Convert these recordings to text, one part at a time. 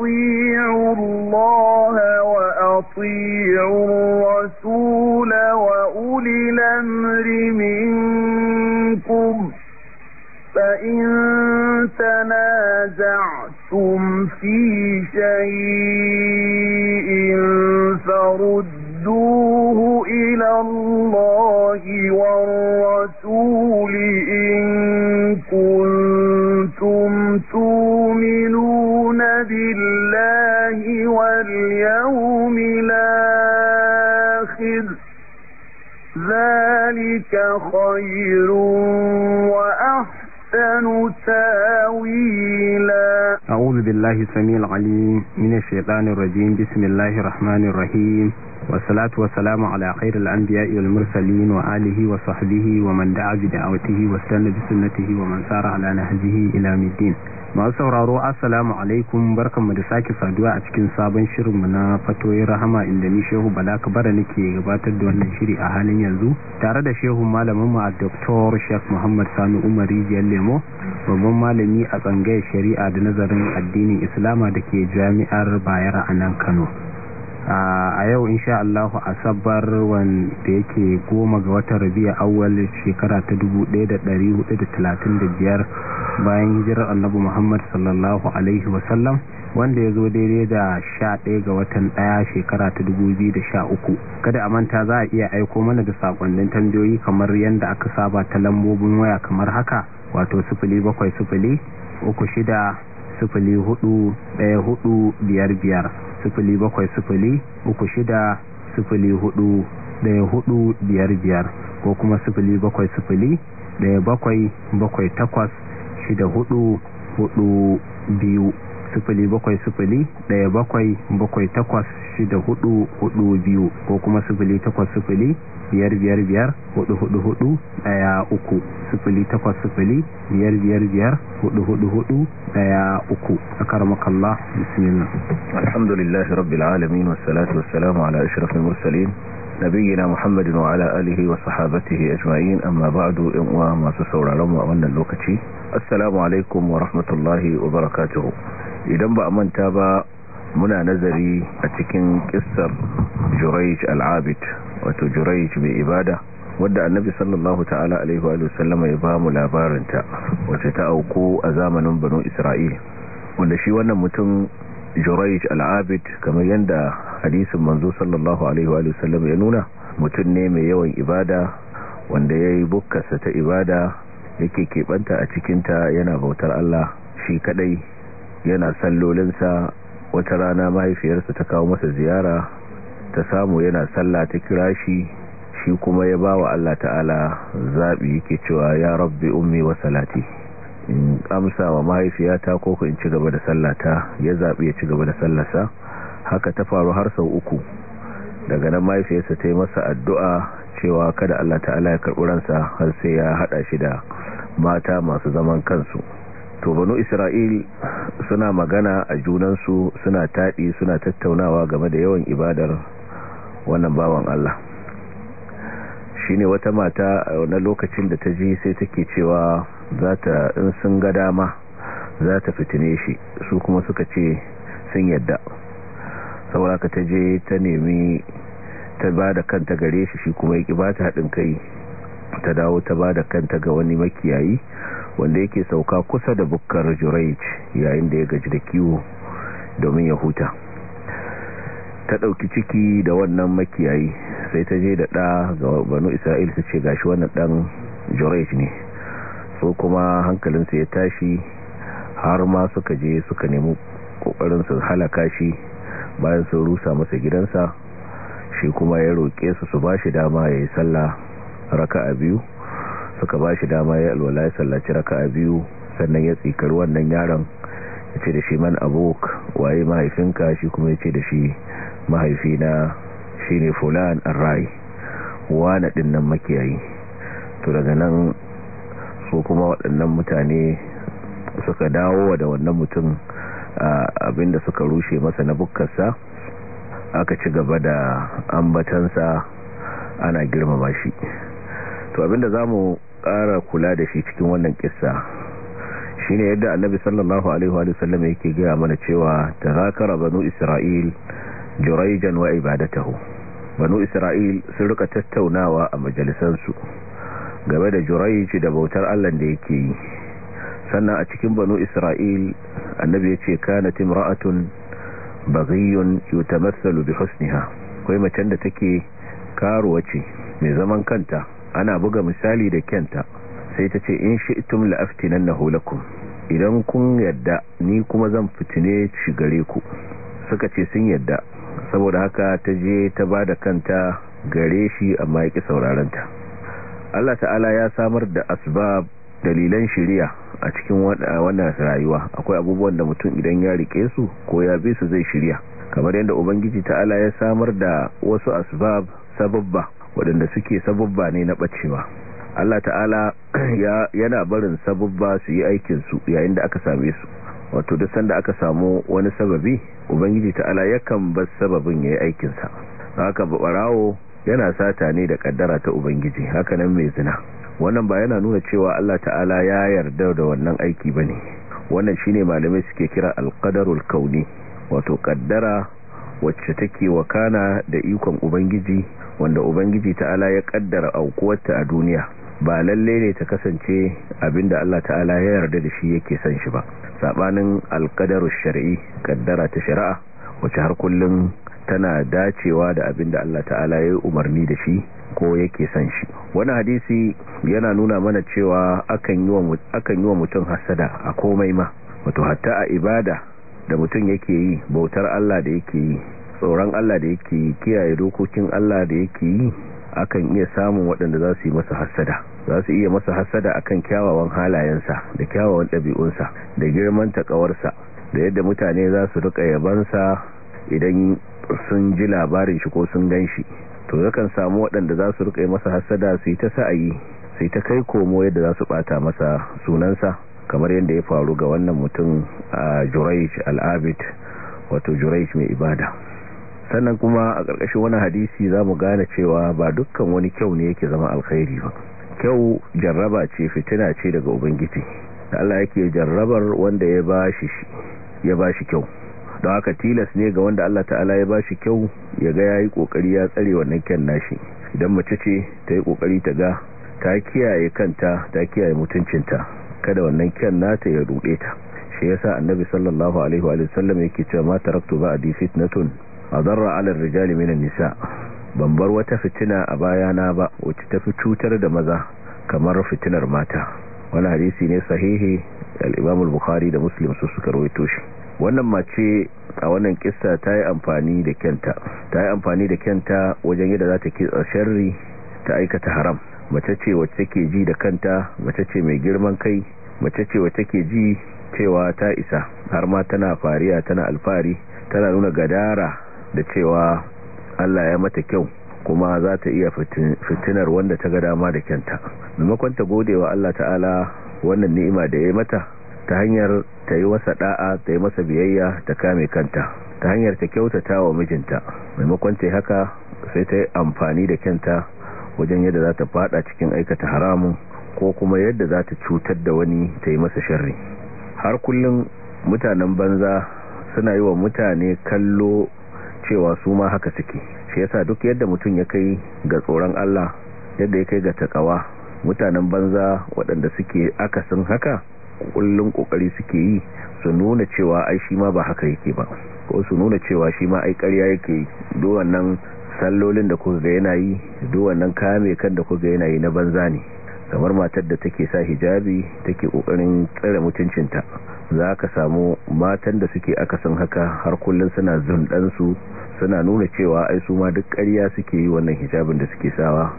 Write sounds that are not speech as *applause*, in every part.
وأطيعوا الله وأطيعوا الرحمن الرحيم والصلاة والسلام على خير الأنبياء والمرسلين وآله وصحبه wa دعا بدعوته واستنى بسنته ومن سار على نهجه إلى مدين masu sauraro assalamu alaikum barkanmu da sake saduwa a cikin sabon shirin mu na fatoyin rahama inda ni shehu bala kabara nake gabatar da wannan shiri a halin yanzu tare da shehu mu a dr sheikh muhammad sani Umar jiyar lemo babban malami a tsangayar shari'a da nazarin addinin islama da ke jami'ar bayar a nan kano a yau insha Allah asabar wanda yake goma ga watan rabi'a awal shekara ta 1435 bayan hijirar annabu Muhammad sallallahu alaihi wasallam wanda ya zo daidai da sha 11 ga watan 1 shekara ta 2013 kada a manta za a iya aiko mana da sakonnin tambayoyi kamar yadda aka saba ta lambobin waya kamar haka wato 0700 uku shida sifili biyar biyar sifili bakwai sifili uku shida sifili hudu daya hudu biyar biyar ko kuma sifili bakwai sifili daya bakwai bakwai takwas shida hudu hudu biyu sifili bakwai sifili daya bakwai bakwai takwas shida hudu hudu biyu ko kuma sifili takwas sifili biyar hudu hudu hudu daya uku sifili takwas sifili biyar biyar biyar hudu hudu hudu daya uku a karmakallah bismillah alhamdulillahi rabbil alamin wassalatu wassalamu ala ashrafil mursalin nabiyina muhammadin wa ala alihi wa sahabatihi ajma'in amma ba'du in uwa masu sauraron mu a wannan lokaci assalamu alaikum wa rahmatullahi wa barakatuhu. idan ba a manta ba muna nazari a cikin kissar jurayj al-abid wato jurayj mai ibada wadda annabi sallallahu ta'ala alaihi wa sallama ya ba mu ta wace ta auku a zamanin banu isra'il wanda shi wannan mutum jurayj al-abid kamar yadda hadisin manzo sallallahu alaihi wa sallama ya nuna mutum ne mai yawan ibada wanda ya yi bukkarsa ta ibada yake keɓanta a cikinta yana bautar Allah shi kadai yana sallolinsa wata rana mahaifiyarsa ta kawo masa ziyara ta samu yana sallah ta kira shi shi kuma ya ba wa Allah ta'ala zaɓi yake cewa ya rabbi ummi wa salati in amsa wa mahaifiyata ko in ci gaba da sallata ya zaɓi ya ci gaba da sallarsa haka ta faru har sau uku daga nan mahaifiyarsa ta yi masa addu'a cewa kada Allah ta'ala ya karɓi ransa har sai ya haɗa shi da mata masu zaman kansu to banu isra'il suna magana a junansu suna taɗi suna tattaunawa game da yawan ibadar wannan bawan Allah shine wata mata na lokacin da ta ji sai take cewa za ta in sun ga dama za ta fitine shi su kuma suka ce sun yadda saboda ka ta je ta nemi ta ba da kanta gare shi shi kuma ya ki ba ta haɗin kai ta dawo ta ba da kanta ga wani makiyayi wanda yake sauka kusa da bukkar juraic yayin da ya gaji da kiwo domin ya huta ta ɗauki ciki da wannan makiyayi sai ta je da ɗa ga banu isra'il su ce ga shi wannan ɗan juraic ne so kuma hankalinsa ya tashi har ma suka je suka nemi kokarin su halaka shi bayan sun rusa masa gidansa shi kuma ya roƙe su su ba shi dama ya yi sallah raka a biyu suka ba shi dama ya alwala ya sallaci a biyu sannan ya tsikar wannan yaron ya ce da shi man abok waye mahaifinka shi kuma ya ce da shi mahaifina shi ne fulan Rai wane ɗin nan makiyayi to daga nan su kuma waɗannan mutane suka dawo da wannan mutum abinda suka rushe masa na bukkarsa aka ci gaba da ambatansa ana girmama shi to abinda za mu ƙara kula da shi cikin wannan kissa shine yadda annabi sallallahu alaihi wa sallam yake gaya mana cewa tazakara banu isra'il juraijan wa ibadatahu banu isra'il sun rika tattaunawa a su game da juraij da bautar Allah da yake yi sannan a cikin banu isra'il annabi ya ce kana timra'atun baghiyun yutamassalu bi husniha kai macen da take karuwa ce mai zaman kanta ana buga misali da kenta sai ta ce in shi nan na holakun idan kun yadda ni kuma zan fitine shi gare ku suka ce sun yadda saboda haka ta je ta ba da kanta gare shi amma ya ƙi saurarenta Allah ta'ala ya samar da asbab dalilan shirya a cikin wannan rayuwa akwai abubuwan da mutum idan ya rike su ko ya bi su zai shirya kamar yadda ubangiji ta'ala ya samar da wasu asbab sababba waɗanda suke sababba ne na ɓacewa Allah ta'ala *clears throat* yana barin sababba su yi aikinsu yayin da aka same su wato duk sanda aka samu wani sababi ubangiji ta'ala yakan bar sababin ya yi aikinsa haka ɓarawo yana sata ne da ƙaddara ta ubangiji haka nan mai zina wannan ba yana nuna cewa Allah ta'ala ya yarda da wannan aiki ba ne wannan shine malamai suke kira alqadarul kauni wato ƙaddara. wacce take wakana da ikon ubangiji wanda ubangiji ta'ala ya kaddara aukuwarta a duniya ba lalle ne ta kasance abinda Allah ta'ala ya yarda da shi yake san shi ba sabanin alqadaru shar'i kaddara ta shari'a wacce har kullum tana dacewa da abinda Allah ta'ala ya umarni da shi ko yake san shi wani hadisi yana nuna mana cewa akan yi wa mutum hasada a komai ma wato hatta a ibada da mutum yake yi bautar Allah da yake yi tsoron Allah da yake yi kiyaye dokokin Allah da yake yi akan iya samun waɗanda za su yi masa hasada za su iya masa hassada akan kyawawan halayensa da kyawawan ɗabi'unsa da girman takawarsa da yadda mutane za su rika yabansa idan sun ji labarin shi ko sun gan shi to yakan samu waɗanda za su rika masa hasada su yi ta sa'ayi sai ta kai komo yadda za su ɓata masa sunansa kamar yadda ya faru ga wannan mutum a juraic al'abid wato juraic mai ibada sannan kuma a ƙarƙashin wani hadisi za mu gane cewa ba dukkan wani kyau ne yake zama alkhairi ba kyau jarraba ce fitina ce daga ubangiji da Allah yake jarrabar wanda ya ba shi kyau don haka tilas ne ga wanda Allah ta'ala ya ba shi kyau ya ga ya yi kokari ya tsare wannan kyan nashi idan mace ce ta yi kokari ta ga ta kiyaye kanta ta kiyaye mutuncinta kada wannan kyan nata ya ruɗe ta shi yasa annabi sallallahu alaihi wa sallam yake cewa ma taraktu ba'di fitnatun adarra 'ala ar-rijali minan nisa ban bar wata fitina a bayana ba wacce ta fi cutar da maza kamar fitinar mata wani hadisi ne sahihi al-imam al-bukhari da muslim su suka rawaito shi wannan mace a wannan kissa ta yi amfani da kenta ta yi amfani da wajen yadda za ta kitsa sharri ta aikata haram mace ce wacce take ji da kanta mace ce mai girman kai mace ce wacce take ji cewa ta isa har ma tana fariya tana alfari tana nuna gadara da cewa Allah ya mata kyau kuma za ta iya fitinar wanda ta ga dama da kyanta maimakon ta gode wa Allah ta'ala wannan ni'ima da ya mata ta hanyar ta yi wasa da'a ta yi masa biyayya ta kame kanta ta hanyar ta kyautata wa mijinta maimakon ta haka sai ta yi amfani da kyanta wajen yadda za ta fada cikin aikata haramun ko kuma yadda za ta cutar da wani ta yi masa sharri har kullum mutanen banza suna yi wa mutane kallo cewa su ma haka suke shi yasa duk yadda mutum ya kai ga tsoron Allah yadda ya kai ga takawa mutanen banza waɗanda suke aka akasin haka kullum kokari suke yi su nuna cewa ai shi ma ba haka yake ba ko su nuna cewa shi ma ai ƙarya yake yi do wannan sallolin da kuka ga yana yi duk wannan kame kan da kuka ga yana yi na banza ne kamar matar da take sa hijabi take kokarin tsare mutuncinta za ka samu matan da suke akasin haka har kullun suna su suna nuna cewa ai su ma duk ƙarya suke yi wannan hijabin da suke sawa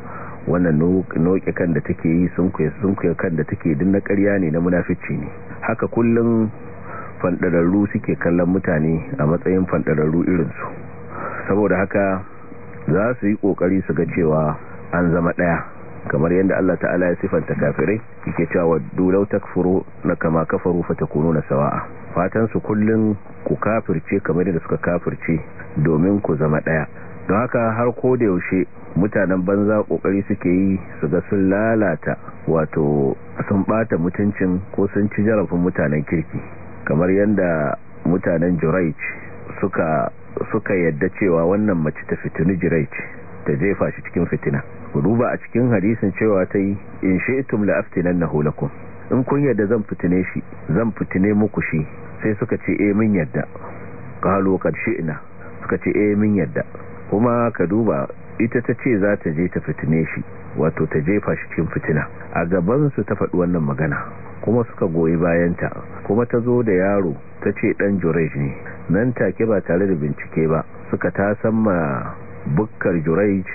wannan noke kan da take yi sun kuya kan da take din na ƙarya ne na munafici ne haka kullun fandararru suke kallon mutane a matsayin fandararru irinsu saboda haka za su yi kokari su ga cewa an zama daya kamar yadda Allah ta'ala ya sifanta kafirai yake cewa dulau takfuru na kama kafaru na sawa'a fatan su kullun ku kafirce kamar yadda suka kafirce domin ku zama daya don haka har ko da yaushe mutanen banza kokari suke yi su ga sun lalata wato sun bata mutuncin ko sun ci jarafin mutanen kirki kamar yadda mutanen jurai suka suka yadda cewa wannan mace ta fitinu jirai ce ta jefa shi cikin fitina ku a cikin hadisin cewa ta yi in la'aftinan na lakum in kun yadda zan fitine shi zan fitine muku shi sai suka ce e mun yadda qalu shi ina suka ce e mun yadda kuma ka duba ita ta ce za ta je ta fitine shi wato ta jefa shi cikin fitina a gabansu ta faɗi wannan magana kuma suka goyi bayanta kuma ta zo da yaro ta ce ɗan jurej ne nan take ba tare da bincike ba suka ta ma bukkar juraij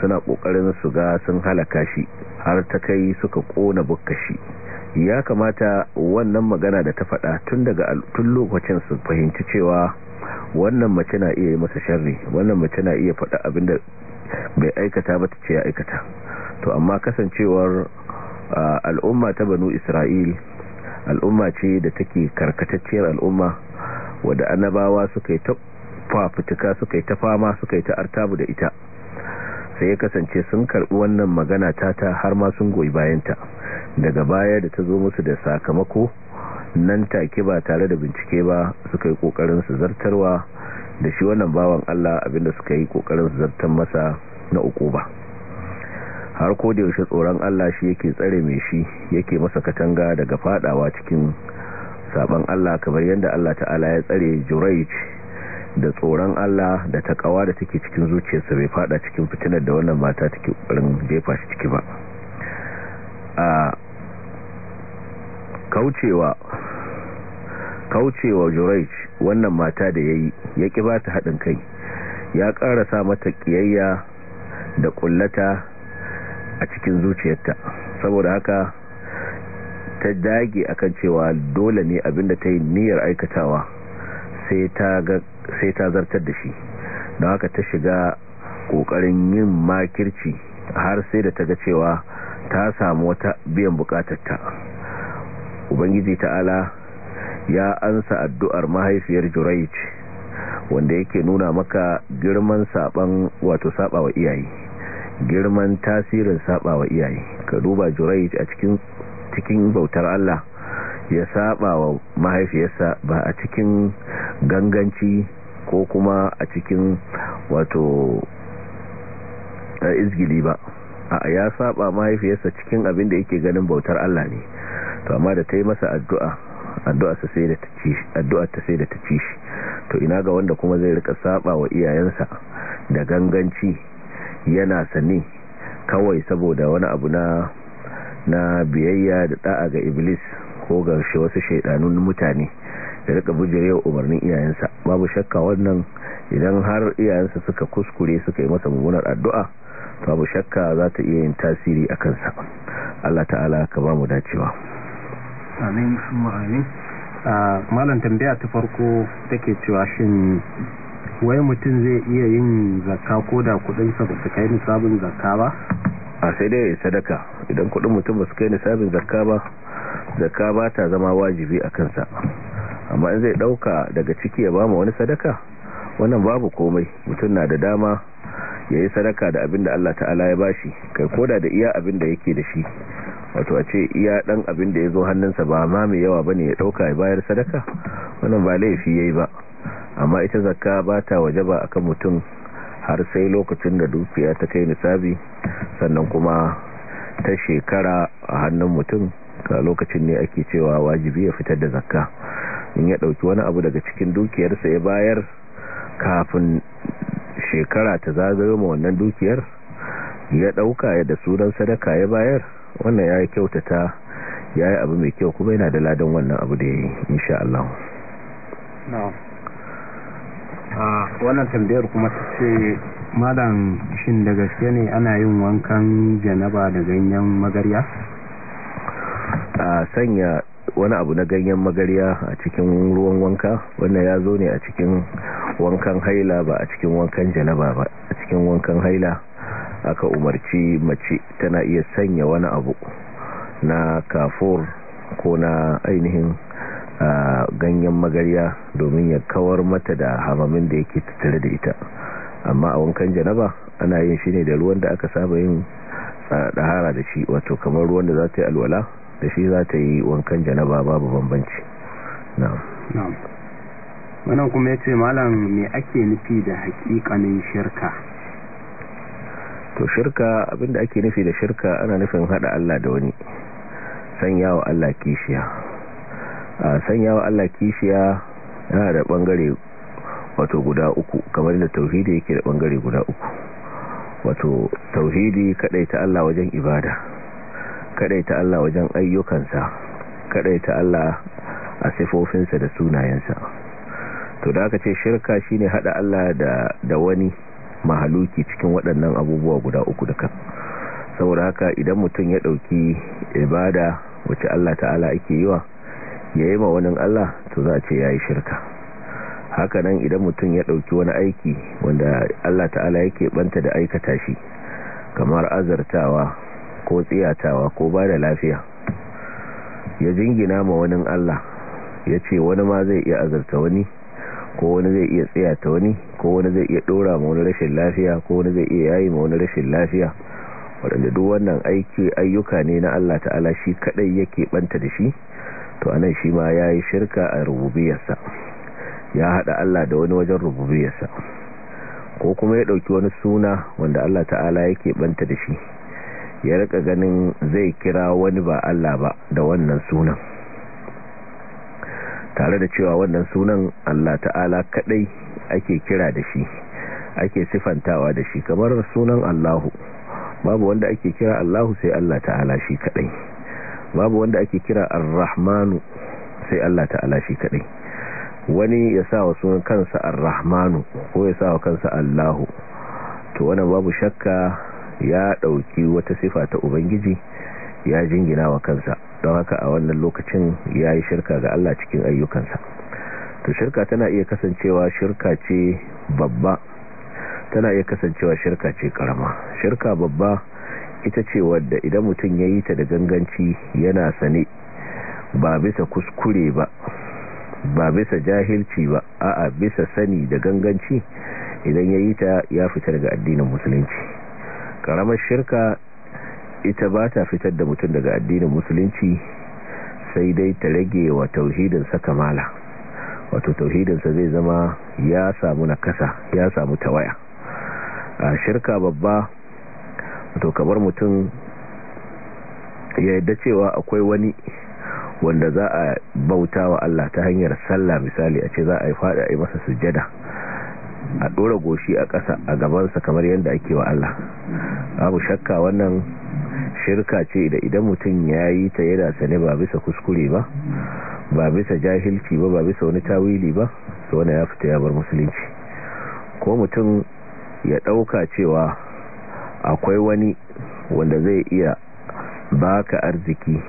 suna kokarin su ga sun halaka shi har ta kai suka kona bukkar shi ya kamata wannan magana da ta faɗa tun daga tun lokacin su fahimci cewa wannan mace na iya yi masa sharri wannan mace na iya faɗa abinda bai aikata ba ta ce ya aikata to amma kasancewar al'umma ta banu isra'il al'umma ce da take karkatacciyar al'umma wadda annabawa suka yi ta fafutuka suka yi ta fama suka yi ta artabu da ita sai ya kasance sun karbi wannan magana ta ta har ma sun goyi bayanta daga baya da ta zo musu da sakamako nan take ba tare da bincike ba suka yi kokarin su zartarwa da shi wannan bawan Allah abinda suka yi kokarin su zartar masa na uku ba har ko da yaushe tsoron Allah shi yake tsare mai shi yake masa katanga daga fadawa cikin saban Allah kamar yadda Allah ta'ala ya tsare Jurayj da tsoron Allah da takawa da take cikin zuciyarsa bai fada cikin fitinar da wannan mata take ƙoƙarin jefa shi ciki ba a kaucewa kaucewa Jurayj wannan mata da yayi ya ki ba ta haɗin kai ya karasa mata kiyayya da kullata a cikin zuciyarta saboda haka ta dage akan cewa dole ne abinda ta yi niyyar aikatawa sai ta zartar da shi don haka ta shiga kokarin yin makirci har sai da ta ga cewa ta samu wata biyan bukatarta ubangiji ta'ala ya ansa addu'ar mahaifiyar juraic wanda yake nuna maka girman saban wato saba wa iyaye girman tasirin saba wa iyaye ka duba juraic a cikin cikin bautar Allah ya saba wa mahaifiyarsa ba a cikin ganganci ko kuma a cikin wato izgili ba a ya saba mahaifiyarsa cikin abin da yake ganin bautar Allah ne to amma da ta yi masa addu'a addu'a ta sai da ta ci shi to ina ga wanda kuma zai rika saba wa iyayensa da ganganci yana sani kawai saboda wani abu na na biyayya da da'a ga iblis ko ga wasu shaidanun mutane da rika bujirewa umarnin iyayensa babu shakka wannan idan har iyayensa suka kuskure suka yi masa mummunar addu'a babu shakka za ta iya yin tasiri a kansa Allah ta'ala ka ba mu dacewa amin ah, malam tambaya ta farko take cewa shin wai mutum zai iya yin zakka ko da kudinsa ba su kai nisabin zakka ba a sai dai ya sadaka idan kudin mutum ba su kai nisabin zakka ba zakka ba ta zama wajibi a kansa amma in zai dauka daga ciki ya bama wani sadaka wannan babu komai mutum na da dama ya yi sadaka da abin da Allah ta'ala ya bashi kai koda da iya abin da yake da shi wato a ce iya dan abin da ya zo hannunsa ba ma mai yawa ba ne ya dauka ya bayar sadaka wannan ba laifi ya yi ba amma ita zakka ba ta waje ba akan mutum har sai lokacin da dukiya ta kai nisabi sannan kuma ta shekara a hannun mutum ga lokacin ne ake cewa wajibi ya fitar da zakka in ya dauki wani abu daga cikin dukiyarsa ya bayar kafin shekara ta zagayo ma wannan dukiyar ya dauka ya da sunan sadaka ya bayar wannan ya yi kyautata ya yi abu mai kyau kuma yana da ladan wannan abu da ya yi insha wannan tambayar kuma ta ce malam shin da gaske ne ana yin wankan janaba da ganyen magarya a sanya wani abu na ganyen magarya a cikin ruwan wanka wannan ya zo ne a cikin wankan haila ba a cikin wankan janaba ba a cikin wankan haila aka umarci mace tana iya sanya wani abu na kafur ko na ainihin a ganyen magarya domin ya kawar mata da hamamin da yake tattare da ita amma a wankan janaba ana yin shi ne da ruwan da aka saba yin dahara da shi wato kamar ruwan da za ta yi alwala da shi za ta yi wankan janaba babu bambanci wannan kuma ya ce malam me ake nufi da hakikanin shirka to shirka abinda ake nufi da shirka ana nufin hada Allah da wani sanya wa Allah kishiya sanya wa Allah kishiya yana da bangare wato guda uku kamar da tauhidi yake da bangare guda uku wato tauhidi ta Allah wajen ibada ta Allah wajen ayyukansa ta Allah a sifofinsa da sunayensa to da aka ce shirka shine hada Allah da da wani mahaluki cikin waɗannan abubuwa guda uku duka saboda haka idan mutum ya dauki ibada wacce Allah ta'ala ake yiwa ya yi ma wani Allah to za ce ya yi shirka hakanan idan mutum ya ɗauki wani aiki wanda Allah ta'ala yake banta da aikata shi kamar azartawa ko tsiyatawa ko ba da lafiya ya jingina ma wani Allah ya ce wani ma zai iya azarta wani ko wani zai iya tsiyata wani ko wani zai iya ɗora ma wani rashin lafiya ko wani zai iya yayi ma rashin lafiya waɗanda duk wannan aiki ayyuka ne na Allah ta'ala shi kaɗai yake banta da shi to anan shi ma ya yi shirka a rububiyarsa ya haɗa Allah da wani wajen rububiyarsa ko kuma ya ɗauki wani suna wanda Allah ta'ala yake banta da shi ya rika ganin zai kira wani ba Allah ba da wannan sunan tare da cewa wannan sunan Allah ta'ala kadai ake kira da shi ake sifantawa da shi kamar sunan Allahu babu wanda ake kira Allahu sai Allah ta'ala shi kadai babu wanda ake kira ar-rahmanu sai Allah ta'ala shi kadai wani ya sa wa sunan kansa ar-rahmanu ko ya sa wa kansa Allahu to wannan babu shakka ya dauki wata sifa ta ubangiji ya jingina wa kansa don haka a wannan lokacin ya yi shirka ga Allah cikin ayyukansa to shirka tana iya kasancewa shirka ce babba tana iya kasancewa shirka ce karama shirka babba ita ce wadda idan mutum ya yi ta da ganganci yana sane ba bisa kuskure ba ba bisa jahilci ba a'a bisa sani da ganganci idan ya yi ta ya fitar daga addinin musulunci karamar shirka ita ba ta fitar da mutum daga addinin musulunci sai dai ta rage wa tauhidinsa kamala wato tauhidinsa zai zama ya samu nakasa ya samu tawaya a shirka babba to kamar mutum ya yadda cewa akwai wani wanda za a bauta wa Allah ta hanyar sallah misali a ce za a yi fada a yi masa sujjada a dora goshi a ƙasa a gabansa kamar yadda ake wa Allah abu shakka wannan shirka ce da idan mutum ya yi ta yana sane ba bisa kuskure ba ba bisa jahilci ba ba bisa wani tawili ba to ya fita ya bar musulunci ko mutum ya ɗauka cewa akwai wani wanda zai iya baka arziki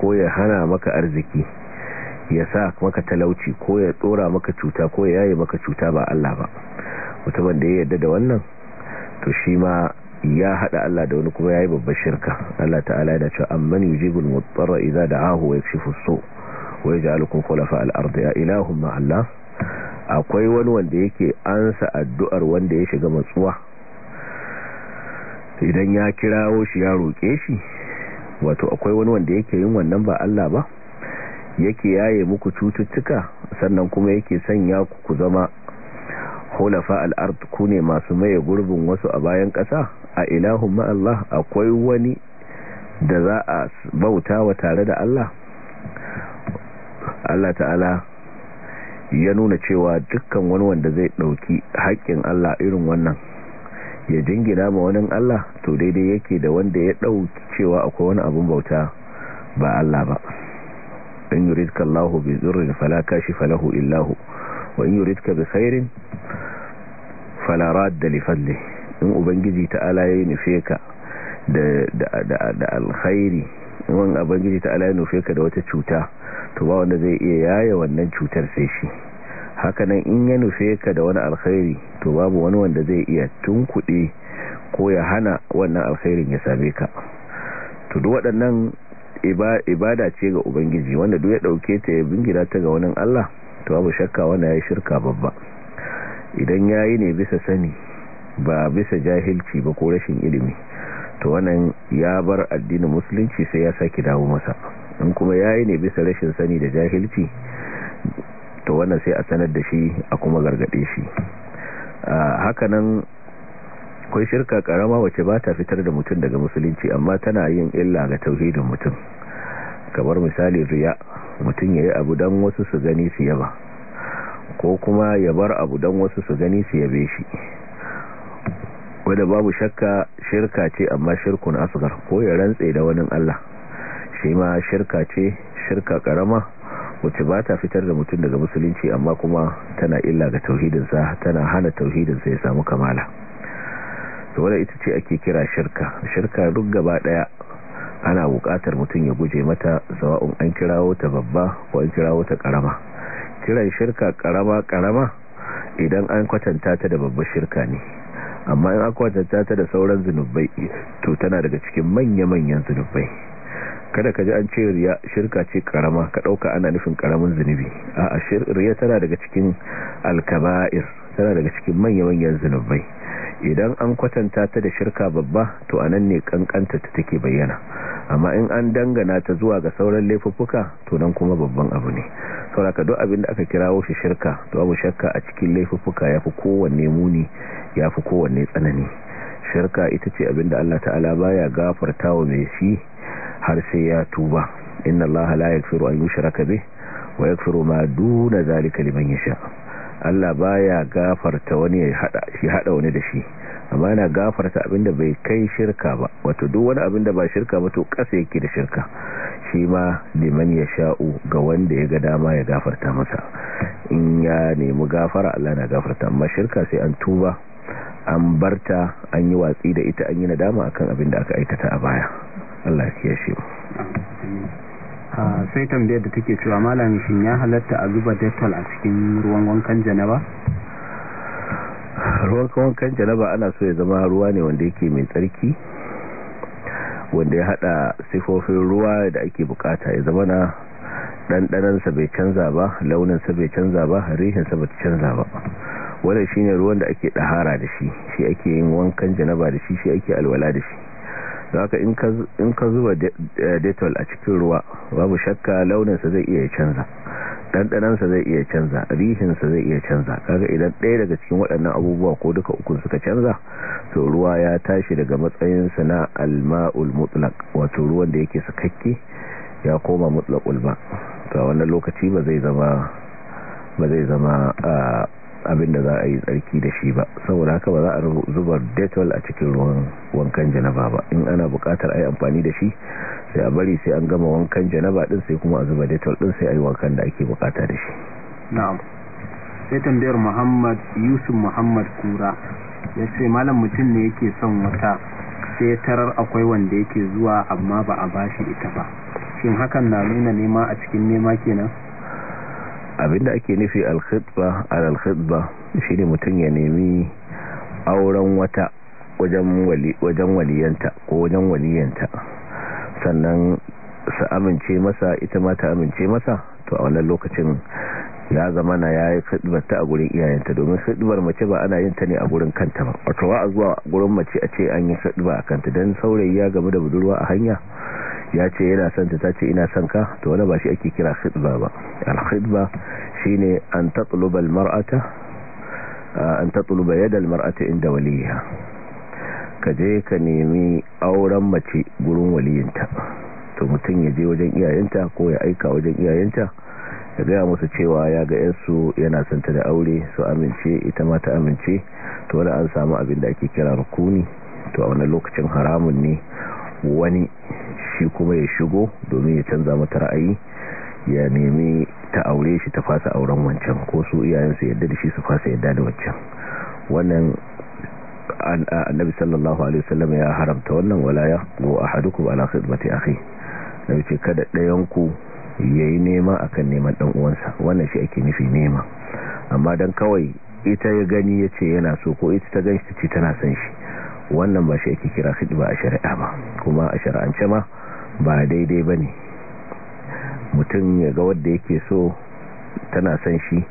ko ya hana maka arziki ya sa maka talauci ko ya tsora maka cuta ko ya yi maka cuta ba Allah ba mutumin da ya yarda da wannan to shi ma ya hada Allah da wani kuma ya yi babbar shirka Allah ta'ala yana dace amman yujibul mutarra idza da'ahu wa yakshifu as-su' wa yaj'alukum khulafa al-ard ya ilahum ma Allah akwai wani wanda yake ansa addu'ar wanda ya shiga matsuwa idan ya kirawo shi ya roƙe shi wato akwai wani wanda yake yin wannan ba Allah ba yake yaye muku cututtuka sannan kuma yake sanya ku ku zama hulafa ard ku ne masu maye gurbin wasu a bayan ƙasa a ilahun ma'allah akwai wani da za a bauta wa tare da Allah Allah ta'ala ya nuna cewa dukkan wani wanda zai ɗauki haƙƙin Allah irin wannan ya jingina ma wani Allah to daidai yake da wanda ya ɗauki cewa akwai wani abin bauta ba Allah ba in yuridka Allahu bi zurri fala kashifa lahu illa hu wa in yuridka bi khairin fala radda li in ubangiji ta'ala ya nufe ka da da da alkhairi in ubangiji ta'ala ya nufe ka da wata cuta to ba wanda zai iya yaya wannan cutar sai shi hakanan in ya nufe ka da wani alkhairi to babu wani wanda zai iya tunkuɗe ko ya hana wannan alkhairin ya same ka to duk waɗannan ibada ce ga ubangiji wanda duk ya ɗauke ta ya bingira ta ga wani Allah to babu shakka wanda ya shirka babba idan ya yi ne bisa sani ba bisa jahilci ba ko rashin ilimi to wannan ya bar addinin musulunci sai ya saki dawo masa in kuma ya yi ne bisa rashin sani da jahilci to wannan sai a sanar da shi a kuma gargade shi hakanan akwai shirka karama wacce ba ta fitar da mutum daga musulunci amma tana yin illa ga tauhidin mutum kamar misali riya mutum ya yi abu don wasu su gani su yaba ko kuma ya bar abu don wasu su gani su yabe shi wadda babu shakka shirka ce amma shirkun asgar ko ya rantse da wani Allah shi ma shirka ce shirka karama wacce ba ta fitar da mutum daga musulunci amma kuma tana illa ga tauhidinsa tana hana tauhidinsa ya samu kamala wadda ita ce ake kira shirka shirka duk gaba daya ana bukatar mutum ya guje mata zawa'un an kirawo ta babba ko an kirawo ta karama kiran shirka karama karama idan an kwatanta ta da babbar shirka ne amma in an kwatanta ta da sauran zunubai to tana daga cikin manya-manyan zunubai kada ka ji an ce riya shirka ce karama ka dauka ana nufin karamin zunubi a riya tana daga cikin alkaba'ir tana daga cikin manya-manyan zunubai idan an kwatanta ta da shirka babba to anan ne kankanta ta take bayyana amma in an dangana ta zuwa ga sauran laifuffuka to nan kuma babban abu ne sauraka duk abin da aka kirawo shi shirka to abu shakka a cikin laifuffuka ya fi kowanne muni ya fi kowanne tsanani shirka ita ce abin da Allah ta'ala baya gafartawa mai shi har sai ya tuba inna allaha la yaghfiru an yushraka bih wa yaghfiru ma duna zalika liman yasha Allah baya gafarta wani ya hada shi hada wani da shi amma yana gafarta abinda bai kai shirka ba wato duk wani abinda ba shirka ba to kasa yake da shirka shi ma liman ya sha'u ga wanda ya ga dama ya gafarta masa in ya nemi gafara Allah na gafarta amma shirka sai an tuba an barta an yi watsi da ita an yi nadama akan abin da aka aikata a baya Allah ya ba. A ah, sai tambayar da take cewa malam shin ya halatta a zuba dettol a cikin ruwan wankan janaba ruwan wankan janaba ana so ya zama ruwa ne wanda yake mai tsarki wanda ya hada sifofin ruwa da ake bukata ya zama na ɗanɗanansa bai canza ba launinsa bai canza ba rihinsa bai canza ba wadda shi ruwan da ake ɗahara da shi shi ake yin wankan janaba da shi shi ake alwala da shi da haka in ka zuba detol eh, a cikin ruwa babu shakka launinsa zai iya canza ɗanɗanansa zai iya canza rihinsa zai iya canza kaga idan ɗaya daga cikin waɗannan abubuwa ko duka ukun suka canza to ruwa ya tashi daga matsayinsa na alma'ul mutlak wato ruwan da yake sakakke ya koma mutlak ulba to wannan lokaci ba zai zama ba zai zama ah, abin da za a yi tsarki da shi ba saboda haka ba za a zuba detol a cikin ruwan wankan janaba ba in ana bukatar a yi amfani da shi sai a bari sai an gama wankan janaba din sai kuma a zuba detol din sai a yi wankan da ake bukata da shi na'am sai tambayar muhammad yusuf muhammad kura ya ce malam mutum ne yake son wata sai tarar akwai wanda yake zuwa amma ba a bashi ita ba shin hakan na nuna nema a cikin nema kenan abinda ake nufi alkhidba alkhidba shine mutum ya nemi auren wata wajen wali waliyanta ko wajen waliyanta sannan sa amince masa ita ma ta amince masa to a wannan lokacin ya zama na ya yi fiɗibar ta a gurin iyayenta domin fiɗibar mace ba ana yin ta ne a gurin kanta ba wato a zuwa gurin mace a ce an yi fiɗiba a kanta don saurayi ya game da budurwa a hanya ya ce yana son ta ta ce ina son ka to wani ba shi ake kira fiɗiba ba shine shi ne an taɓuluba mar'ata an yadda mar'ata inda waliya ka je ka nemi auren mace gurin waliyinta to mutum ya je wajen iyayenta ko ya aika wajen iyayenta ya gaya musu cewa ya ga 'yansu yana santa da aure su amince ita ma ta amince to wani an samu abin da ake kira rukuni to a wani lokacin haramun ne wani shi kuma ya shigo domin ya canza mata ra'ayi ya nemi ta aure shi ta fasa auren wancan ko su iyayensu yadda da shi su fasa yadda da wancan wannan annabi sallallahu alaihi wasallam ya haramta wannan walaya ya go ahadukum ala khidmati akhi nabi ce kada ɗayanku. yayi nema akan neman dan uwansa wannan shi ake nufi nema amma don kawai ita ya gani ya ce yana so ko ita ta ganshi ce tana son shi wannan ba shi ake kira ba a shari'a ba kuma a shari'ance ma ba daidai ba ne mutum ya ga wanda yake so tana son shi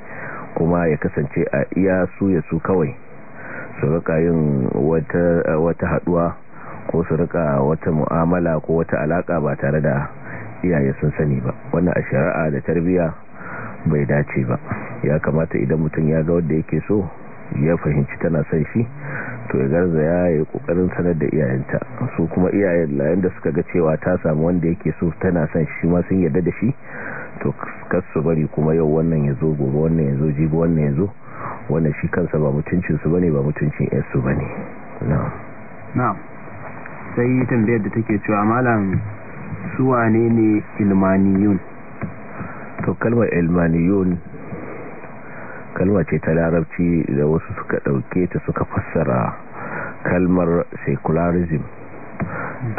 kuma ya kasance a iya su ya su kawai su rika yin wata haɗuwa ko su rika wata mu'amala ko wata alaƙa ba tare da iyaye sun sani ba wannan a shari'a da tarbiya bai dace ba ya kamata idan mutum ya ga wanda yake so ya fahimci tana son shi to ya garza ya yi kokarin sanar da iyayenta su kuma iyayen layan da suka ga cewa ta samu wanda yake so tana son shi ma sun yarda da shi to kasu bari kuma yau wannan ya zo gobe wannan ya zo jibi wannan ya zo wannan shi kansa ba mutuncinsu ba ne ba mutuncin yarsu ba ne na'am sai tambayar da take cewa malam su wane ne ilmaniyun to kalmar ilmaniyun kalma ce ta larabci da wasu suka ɗauke ta suka fassara kalmar secularism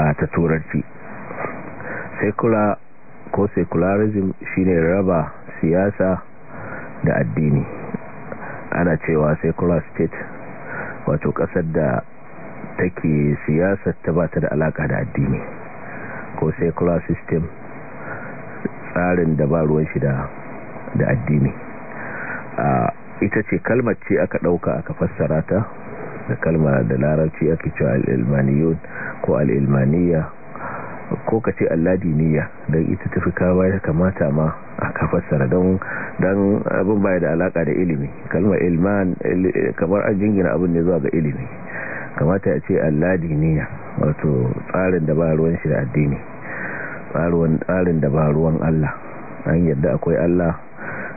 a ta turanci secular ko secularism shine raba siyasa da addini ana cewa secular state wato ƙasar da take siyasar ta ba ta da alaƙa da addini ko secular system tsarin da ba shi da addini ita ce kalmar ce aka ɗauka aka fassara ta da kalmar da larabci ake cewa al'ilmaniyun ko al'ilmaniya ko ka ce alladiniya don ita tafi kawa ya kamata ma aka fassara don abin baya da alaka da ilimi kalmar ilman kamar an jingina abin ne zuwa ga ilimi kamata ya ce alladi ne wato tsarin da ba ruwan shi da addini tsarin da ba ruwan Allah an yadda akwai Allah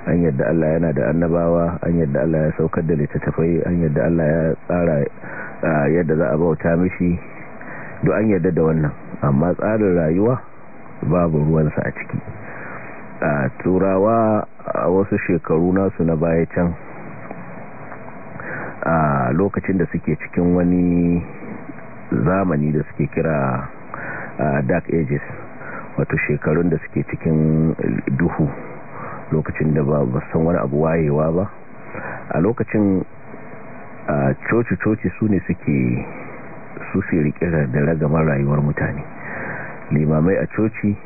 an yadda Allah yana da annabawa an yadda Allah ya saukar da littattafai an yadda Allah ya tsara yadda za a bauta mishi duk an yadda da wannan amma tsarin rayuwa babu ruwansa a ciki a turawa a wasu shekaru nasu na baya can a lokacin da suke cikin wani zamani da suke kira dark ages wato shekarun da suke cikin duhu lokacin da ba san wani abu wayewa ba a lokacin coci-coci su ne suke su fi da ragamar rayuwar mutane limamai a coci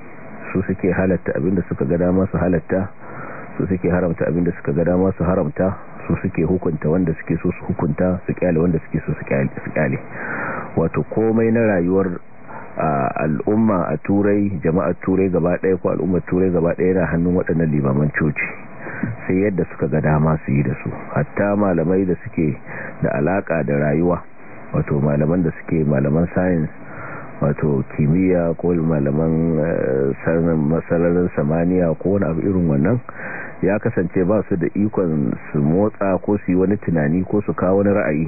su suke halatta abinda suka ga masu halatta su suke haramta abinda suka ga masu haramta su suke hukunta wanda suke so su hukunta su kyale wanda suke so su kyale wato komai na rayuwar al'umma a turai jama'ar turai gaba ɗaya ko al'ummar turai gaba ɗaya yana hannun waɗannan limaman coci sai yadda suka ga dama su yi da su hatta malamai da suke da alaka da rayuwa wato malaman da suke malaman science wato kimiyya ko malaman eh, sanin masararin samaniya ko wani abu irin wannan ya kasance ba su da ikon su motsa ko su yi wani tunani ko su kawo wani ra'ayi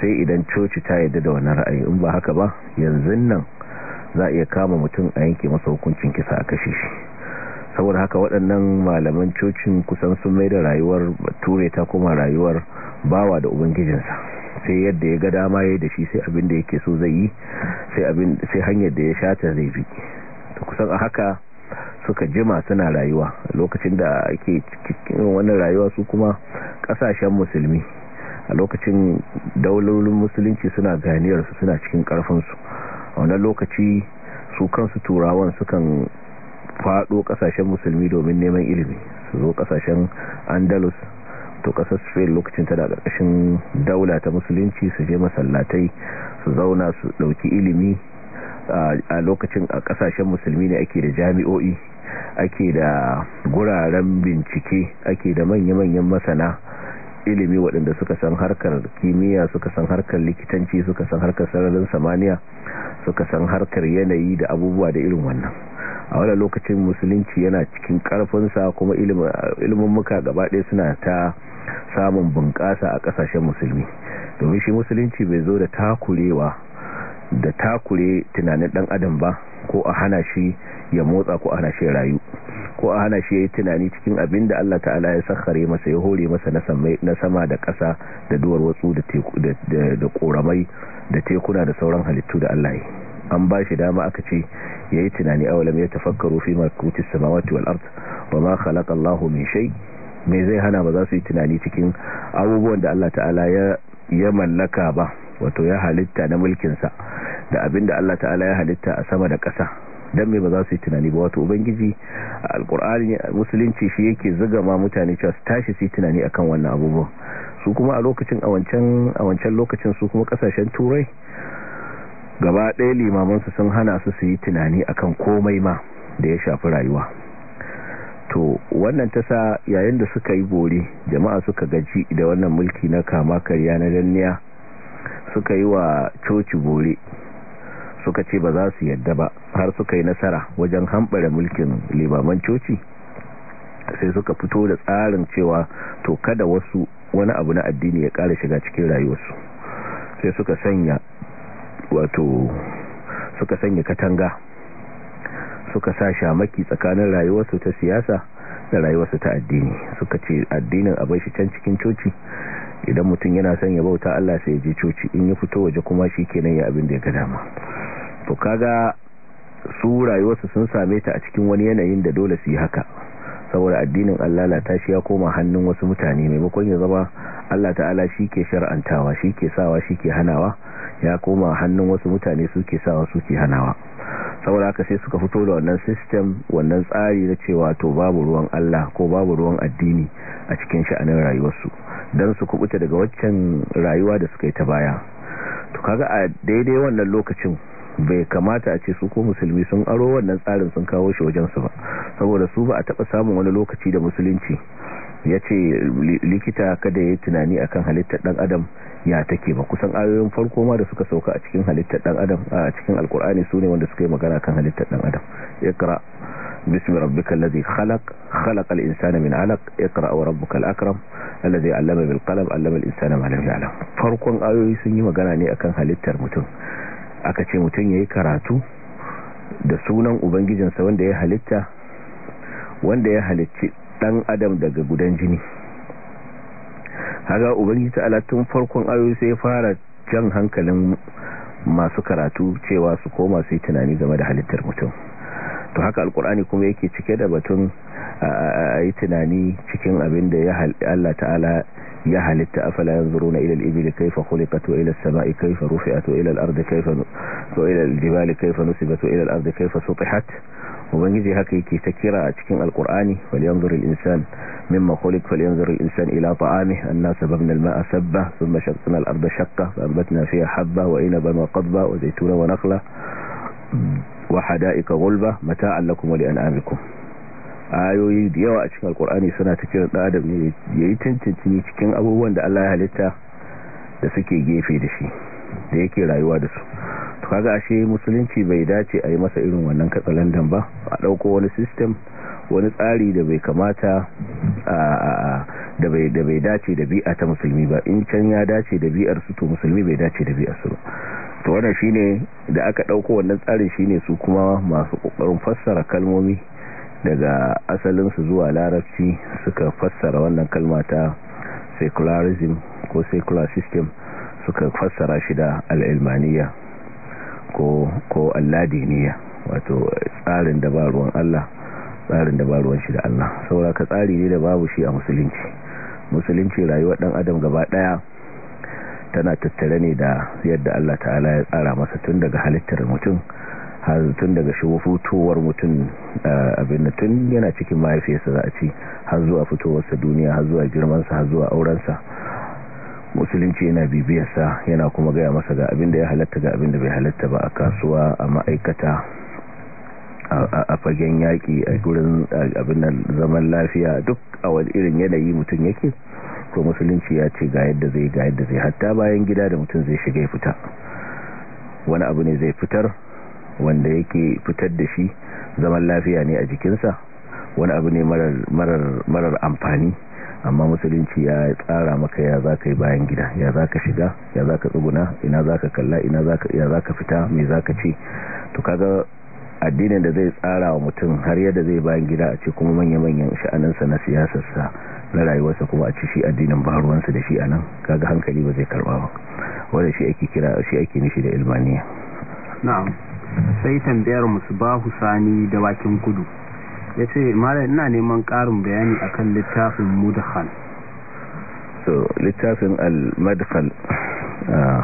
sai idan coci ta yadda da wani ra'ayi in ba haka ba yanzu nan za a iya kama mutum a yanke masa hukuncin kisa a kashe shi saboda haka waɗannan malaman cocin kusan sun mai da rayuwar ture ta kuma rayuwar bawa da ubangijinsa sai yadda ya ga dama yayi da shi sai abin da yake so zai yi sai hanyar da ya shata zai bi to kusan a haka suka jima suna rayuwa lokacin da ake cikin wannan rayuwa su kuma kasashen musulmi a lokacin daulolin musulunci suna ganiyarsu suna cikin karfinsu a wannan lokaci su kansu turawan sukan fado kasashen musulmi domin neman ilimi su zo kasashen andalus to kasar spain lokacin ta da karkashin daula ta musulunci su je masallatai su zauna su ɗauki ilimi a lokacin a ƙasashen musulmi ne ake da jami'o'i ake da guraren bincike ake da manya-manyan masana ilimi waɗanda suka san harkar kimiyya suka san harkar likitanci suka san harkar sararin samaniya suka san harkar yanayi da abubuwa da irin wannan a wani lokacin musulunci yana cikin karfinsa kuma ilimin muka gabaɗe suna ta samun bunƙasa a ƙasashen musulmi domin shi musulunci bai zo da takurewa da takure tunanin ɗan adam ba ko a hana shi ya motsa ko a hana shi rayu ko a hana shi ya yi tunani cikin abin da Allah ta'ala ya sakhare masa ya hore masa na sama da ƙasa da duwar watsu da ƙoramai da tekuna da sauran halittu da Allah ya yi. an ba shi dama aka ce ya yi tunani awalam ya tafakkaru fi makutis samawati wal ard wa ma khalaqa Allahu min shay me zai hana ba za su yi tunani cikin abubuwan da Allah ta'ala ya mallaka ba wato ya halitta na mulkin sa da abinda Allah ta'ala ya halitta a sama da ƙasa dan me ba za su yi tunani ba wato ubangiji a alqur'ani musulunci shi yake zuga ma mutane cewa su tashi su yi tunani akan wannan abubuwa su kuma a lokacin a wancan wancan lokacin su kuma kasashen turai gaba ɗaya limamansu sun hana su su yi tunani akan komai ma da ya shafi rayuwa to wannan ta sa yayin da suka yi bore jama'a suka gaji da wannan mulki na kama karya na danniya suka yi wa coci bore suka ce ba za su yadda ba har suka yi nasara wajen hambara mulkin limaman coci sai suka fito da tsarin cewa to kada wasu wani abu na addini ya ƙara shiga cikin rayuwarsu sai suka sanya wato suka sanya katanga suka sa shamaki tsakanin rayuwarsu ta siyasa da rayuwarsu ta addini suka ce addinin a shi can cikin coci idan mutum yana son ya bauta Allah sai ya je coci in ya fito waje kuma shi kenan ya abin da ya ga dama to kaga su rayuwarsu sun same ta a cikin wani yanayin da dole su yi haka saboda addinin Allah la shi ya koma hannun wasu mutane maimakon ya zama Allah ta'ala shi ke shar'antawa shi ke sawa shi ke hanawa ya koma hannun wasu mutane su ke sawa su ke hanawa saboda haka sai suka fito da wannan system wannan tsari na cewa to babu ruwan Allah ko babu ruwan addini a cikin sha'anin rayuwarsu don su kubuta daga waccan rayuwa da suka yi ta baya to kaga a daidai wannan lokacin bai kamata a ce su ko musulmi sun aro wannan tsarin sun kawo shi wajensu ba saboda su ba a taɓa samun wani lokaci da musulunci ya ce likita kada ya yi tunani akan halittar dan adam ya take ba kusan ayoyin farko ma da suka sauka a cikin halittar dan adam a cikin alkur'ani su ne wanda suka yi magana kan halittar dan adam ikra bismi rabbikal ladhi khalaq khalaqal insana min 'alaq ikra wa rabbukal akram alladhi 'allama bil qalam 'allama al insana ma lam ya'lam farkon ayoyi sun yi magana ne akan halittar mutum aka ce mutum ya yi karatu da sunan ubangijinsa wanda ya halitta wanda ya halicci dan adam daga gudan jini haga ubangiji ta tun farkon ayoyi sai fara jan hankalin masu karatu cewa su koma sai tunani game da halittar mutum to haka alkur'ani kuma yake cike da batun a yi tunani cikin abin da Allah ta'ala يا هل افلا ينظرون إلى الإبل كيف خلقت وإلى السماء كيف رفعت وإلى الأرض كيف وإلى الجبال كيف نسبت وإلى الأرض كيف سطحت ومن يجي هكي تكيرا تكيم القرآن ولينظر الإنسان مما خلق فلينظر الإنسان إلى طعامه انا سببنا الماء سبا ثم شقنا الأرض شقة فأنبتنا فيها حبة وإنبا وقضبا وزيتونا ونخلة وحدائق غلبة متاعا لكم ولأنعامكم ayoyi da yawa a cikin alkur'ani suna ta kiran dan adam ne cancanci ne cikin abubuwan da Allah ya halitta da suke gefe da shi da yake rayuwa da su to kaga ashe musulunci bai dace a yi masa irin wannan katsalandan ba a dauko wani system wani tsari da bai kamata da bai dace da bi'a ta musulmi ba in can ya dace da bi'ar su to musulmi bai dace da bi'ar su to wannan shine da aka dauko wannan tsarin shine su kuma masu ƙoƙarin fassara kalmomi daga asalinsu zuwa larabci suka fassara wannan kalma ta secularism ko secular system suka fassara shi da al'ilmaniya ko, ko alladiniya wato tsarin dabaruwan Allah tsarin dabaruwan shi da Allah saboda ka tsari ne da babu shi a musulunci musulunci rayuwar dan adam gaba daya tana tattare ne da yadda Allah ta'ala ya tsara masa tun daga halittar mutum har tun daga shigo fitowar mutum eh, abin da tun yana cikin mahaifiyarsa za a ce har zuwa fitowarsa duniya har zuwa girmansa har zuwa aurensa musulunci yana bibiyarsa yana kuma gaya masa ga abin da ya halatta ga abin da bai halatta ba a kasuwa a ma'aikata a fagen yaƙi a gurin abin da zaman lafiya duk a wani irin yanayi mutum yake ko musulunci ya ce ga yadda zai ga yadda zai hatta bayan gida da mutum zai shiga ya fita wani abu ne zai fitar wanda yake fitar da shi zaman lafiya ne a jikinsa wani abu ne marar amfani amma musulunci ya tsara maka ya za ka yi bayan gida ya za ka shiga ya za ka tsuguna ina za ka kalla ya za ka fita mai za ka ce to kaga addinin da zai tsara wa mutum har yadda zai bayan gida a ce kuma manya-manyan sha'aninsa na siyasarsa na rayuwarsa kuma a ci shi addinin baruwansa da shi a nan kaga hankali ba zai karba ba wanda shi ake kira shi ake nishi da ilmaniya na'am sai tambayar ba sani da wakin kudu ya ce ina neman ƙarin bayani akan littafin mudhal so littafin al-madkhal ah,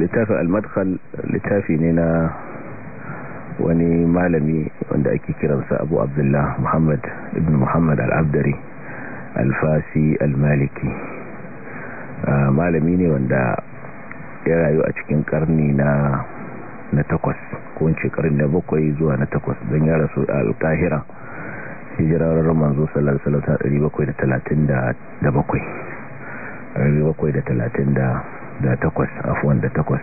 littafin al-madkhal littafi ne na wani malami wanda ake kiransa abu abdullah muhammad ibn muhammad al-abdari alfasi al-maliki ah, malami ne wanda ya rayu a cikin karni na na takwas ko in shekarun da bakwai zuwa na takwas don ya rasu a alkahira hijirarar manzo sallallahu alaihi wasallam da takwas da takwas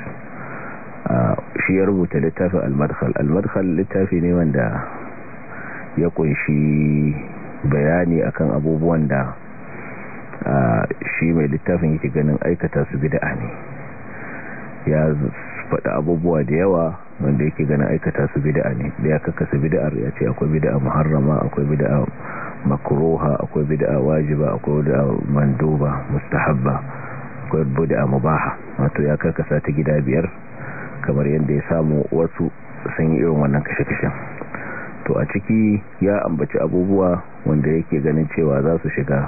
shi ya rubuta littafin al-madkhal littafi ne wanda ya kunshi bayani akan abubuwan da shi mai littafin yake ganin aikata su bid'a ne ya faɗa abubuwa da yawa wanda yake gana aikata su bida'a ne da ya su bida'ar ya ce akwai bida'a muharrama akwai bida'a makroha akwai bida'a wajiba akwai bida'a manduba mustahabba akwai bida'a mubaha wato ya sa ta gida biyar kamar yadda ya samu wasu sun yi irin wannan kashe-kashen to a ciki ya ambaci abubuwa wanda yake ganin cewa za su shiga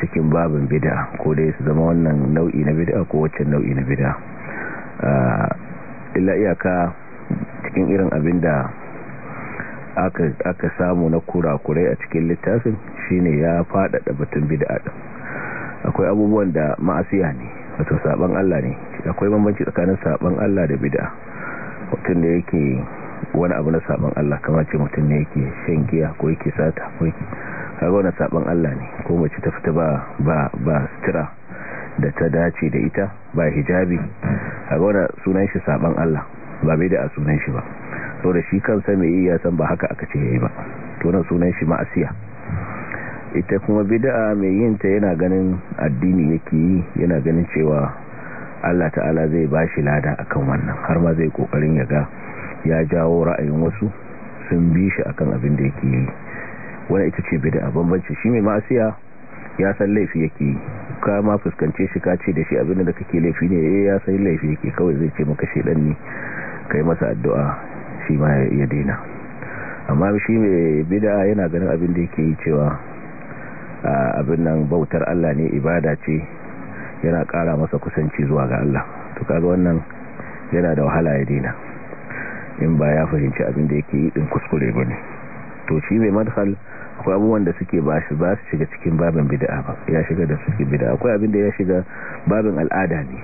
cikin babin bida'a ko dai su zama wannan nau'i na bid'a ko waccan nau'i na bida'a ah, illa iyaka cikin irin abin da aka samu na kurakurai a cikin littafin shine ya faɗaɗa batun bid'a din akwai abubuwan da ma'asiya ne wato saban Allah ne akwai bambanci tsakanin saban Allah da bid'a mutum da yake wani abu na saban Allah kamar ce mutum ne yake shan giya ko yake sata ko yake kaga wannan saban Allah ne ko mace ta fita ba ba ba sutura da ta dace da ita ba hijabi a gwada sunan shi saban Allah ba bai da a sunan shi ba so da shi kansa mai yi ya san ba haka aka ce ya yi ba tunan sunan shi ma'asiya ita kuma bida'a mai yin ta yana ganin addini yake yi yana ganin cewa Allah ta'ala zai ba shi lada akan wannan har ma zai kokarin ya ga ya jawo ra'ayin wasu sun bi shi akan abin da yake yi wani ita ce bida'a bambanci shi mai ma'asiya ya san laifi yake yi ka ma fuskance shi ka ce da shi abin da kake laifi ne eh ya san laifi yake kawai zai ce maka dan ne kai masa addu'a shi ma ya daina amma shi mai bid'a yana ganin abin da yake yi cewa abin nan bautar Allah ne ibada ce yana kara masa kusanci zuwa ga Allah to kaga wannan yana da wahala ya daina in ba ya fahimci abin da yake yi din kuskure bane to shi mai madhal akwai abubuwan da suke ba su ba su shiga cikin babin bid'a ba ya shiga da suke bid'a akwai abin da ya shiga babin al'ada ne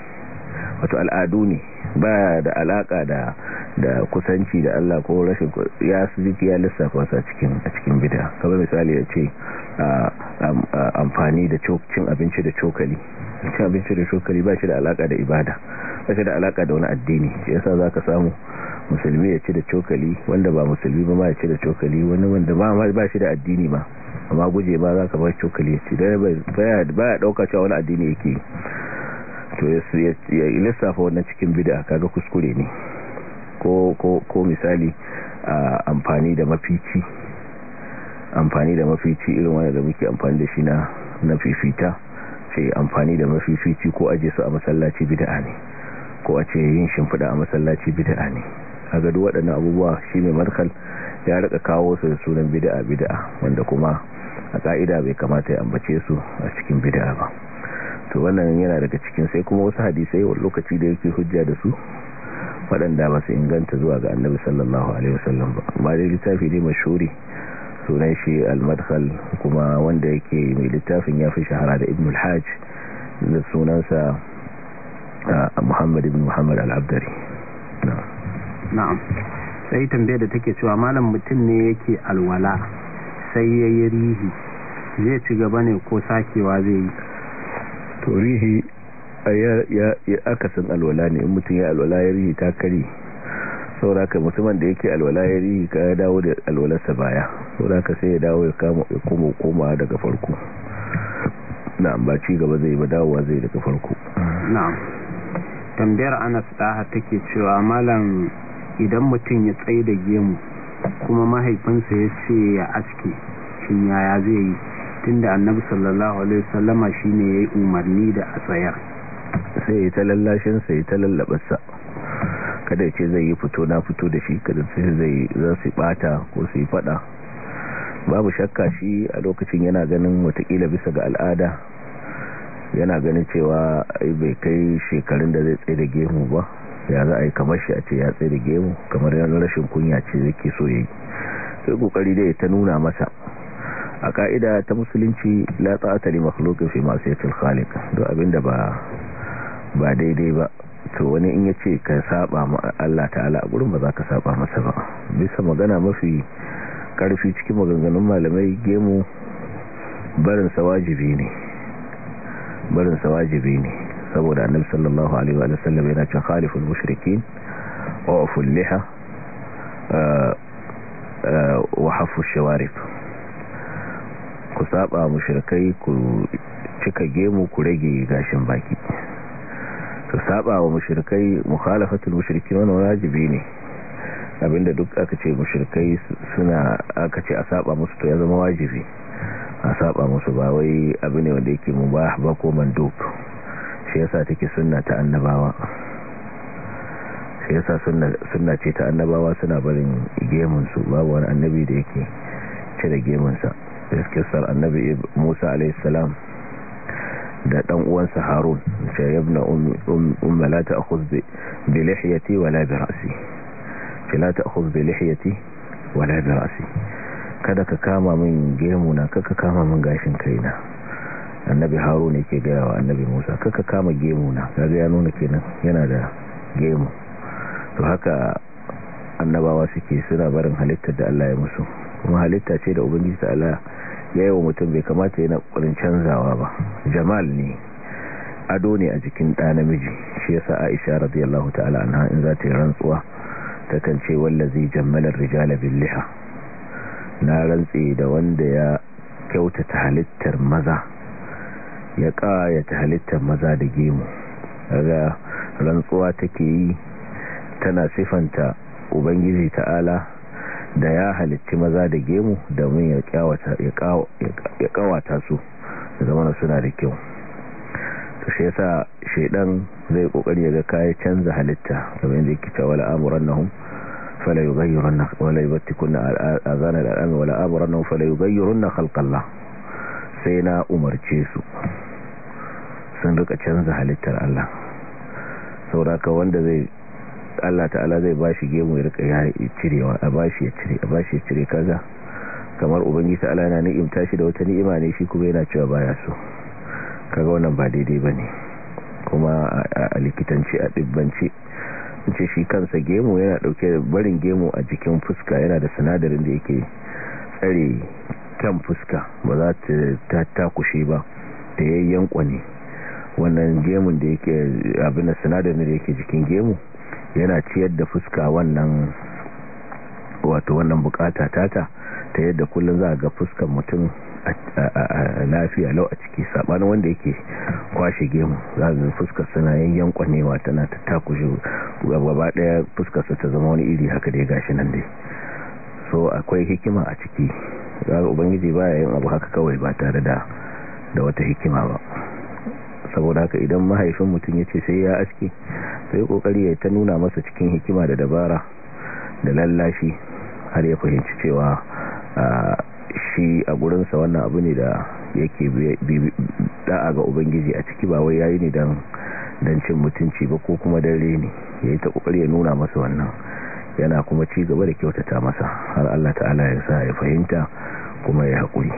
wato al'adu ne ba da alaka da da kusanci da Allah ko rashin ya ji ya lissafa su a cikin a cikin bid'a kamar misali ya ce amfani da cin abinci da cokali cin cokali ba shi da alaka da ibada ba shi da alaka da wani addini shi yasa zaka samu musulmi ya ci da cokali wanda ba musulmi ba ma ya ci da cokali wani wanda ba ma ba shi da addini ba amma guje ba za ka ba cokali ya ci da ba ya ɗauka cewa wani addini yake to ya lissafa wannan cikin bida kaga kuskure ne ko misali amfani da mafici amfani da mafici irin wanda da muke amfani da shi na na fifita ce amfani da mafifici ko aje su a masallaci bid'a ne ko a ce yin shimfiɗa a masallaci bid'a ne a gado waɗannan abubuwa shi mai markal ya rika kawo su da sunan bida'a bid'a wanda kuma a ka'ida bai kamata ya ambace su a cikin bida'a ba to wannan yana daga cikin sai kuma wasu hadisai wani lokaci da yake hujja da su waɗanda ba su inganta zuwa ga annabi sallallahu alaihi wasallam ba ba dai littafi ne mashuri sunan shi al-madkhal kuma wanda yake mai littafin ya fi shahara da ibn al-hajj da sunansa ah, muhammad ibn muhammad al-abdari na'am sai tambayar da take cewa malam mutum ne yake alwala sai ya yi rihi zai ci gaba ne ko sakewa zai yi to rihi ya akasin alwala ne in mutum ya alwala ya rihi ta kari sauraka musamman da yake alwala ya rihi ka ya dawo da alwalarsa baya sauraka sai ya dawo ya kama ya koma koma daga farko na'am ba ci gaba zai ba dawowa zai daga farko na'am tambayar anas ta take cewa malam idan mutum ya tsaye da gemu kuma mahaifinsa ya ce ya aske shi yaya zai yi tunda annabi sallallahu alaihi ne ya yi umarni da a tsayar sai ya ta lallashin ya ta lallabarsa kada ya ce zai yi fito na fito da shi kada sai zai za su bata ko su yi fada babu shakka shi a lokacin yana ganin watakila bisa ga al'ada yana ganin cewa bai kai shekarun da zai tsaye da gemu ba ya za a yi kamar shi a ce ya tsaye da gemu kamar yana rashin kunya ce yake so ya yi sai kokari dai ta nuna masa a ka'ida ta musulunci la ta'ata li makhluqin fi ya khaliq do abinda ba ba daidai ba to wani in ya ce ka saba ma Allah ta'ala a gurin ba za ka saba masa ba bisa magana mafi karfi cikin maganganun malamai gemu barin wajibi ne barin wajibi ne saboda annabi sallallahu alaihi wa sallam yana cewa khaliful mushrikin eh, eh, wa aful liha wa hafu shawarif ku saba mushrikai ku cika gemu ku rage gashin baki ku saba wa mushrikai mukhalafatul mushrikin wannan wajibi ne abinda duk aka ce mushrikai suna aka ce a saba musu to ya zama wajibi a saba musu ba wai abu ne wanda yake mubah ba ko duk. shi yasa take sunna ta annabawa shi yasa sunna ce ta annabawa suna barin gemunsu babu wani annabi da yake cire gemun da suke sar annabi musa alaihissalam da dan uwansa harun ce yabna umma la ta'khudh bi lihiyati wala bi ra'si ce la ta'khudh bi lihiyati wala bi ra'si kada ka kama min gemuna kaka kama min gashin kaina annabi harun yake gaya wa annabi musa kaka kama gemu na kaga ya nuna kenan yana da gemu to haka annabawa suke suna barin halittar da Allah ya musu kuma halitta ce da ubangiji ta Allah ya yi wa mutum bai kamata yana kwarin canzawa ba jamal ne ado ne a jikin ɗa namiji shi yasa aisha radiyallahu ta'ala anha in za ta yi rantsuwa ta kan ce wallazi jammalar rijala billiha na rantse da wanda ya kyautata halittar maza ya ƙayata halittar maza da gemu daga rantsuwa take yi tana sifanta ubangiji ta'ala da ya halitti maza da gemu domin ya ƙawata su da zamana suna da kyau to shi yasa shaidan zai kokari ga kai canza halitta kamar yadda yake cewa wala amrunhum fala yughayyirunna wala yubtikunna azana al-alami wala amrunhum fala yughayyirunna khalqallah sai na umarce su sun rika canza halittar Allah sauraka wanda zai Allah ta'ala zai bashi gemu ya rika ya cirewa a bashi ya cire a shi ya cire kaza kamar ubangi ta'ala yana ni'imta shi da wata ni'ima ne shi kuma yana cewa baya su kaga wannan ba daidai ba ne kuma a likitanci a in ce shi kansa gemu yana dauke barin gemu a jikin fuska yana da sinadarin da yake tsare kan fuska ba za ta takushe ba ta yankwa ne wannan gemun da yake abin da sinadarin da yake jikin gemu yana ciyar da fuska wannan wato wannan bukata tata ta yadda kullum za a ga fuskar mutum a lafiya lau a ciki sabanin wanda yake kwashe gemu za zai fuskar suna ne wata tana ta takushe gaba daya fuskar ta zama wani iri haka da ya gashi nan dai so akwai hikima a ciki ga ubangiji baya yin abu haka kawai ba tare da da wata hikima ba saboda haka idan mahaifin mutum ya ce sai ya aski sai kokari ya ta nuna masa cikin hikima da dabara da lallashi har ya fahimci cewa shi a gurinsa wannan abu ne da yake da'a ga ubangiji a ciki ba wai yayi ne don cin mutunci ba ko kuma dare reni ya yi ta kokari ya nuna masa wannan yana kuma ci gaba da kyautata masa har Allah ta'ala ya sa ya fahimta kuma ya haƙuri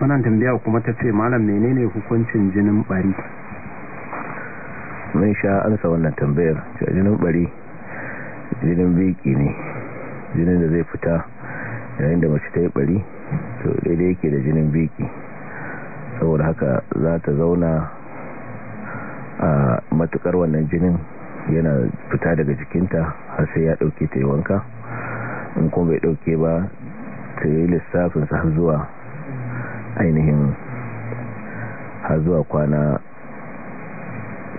wannan tambaya kuma ta ce malam menene hukuncin jinin bari mun sha ansa wannan tambayar jinin bari jinin beki ne jinin da zai fita yayin da mace ta yi bari to daidai yake da jinin beki saboda haka za ta zauna a matukar wannan jinin yana fita daga jikinta har sai ya dauke ta yi wanka in kuma bai dauke ba ta yi lissafin sa zuwa ainihin har zuwa kwana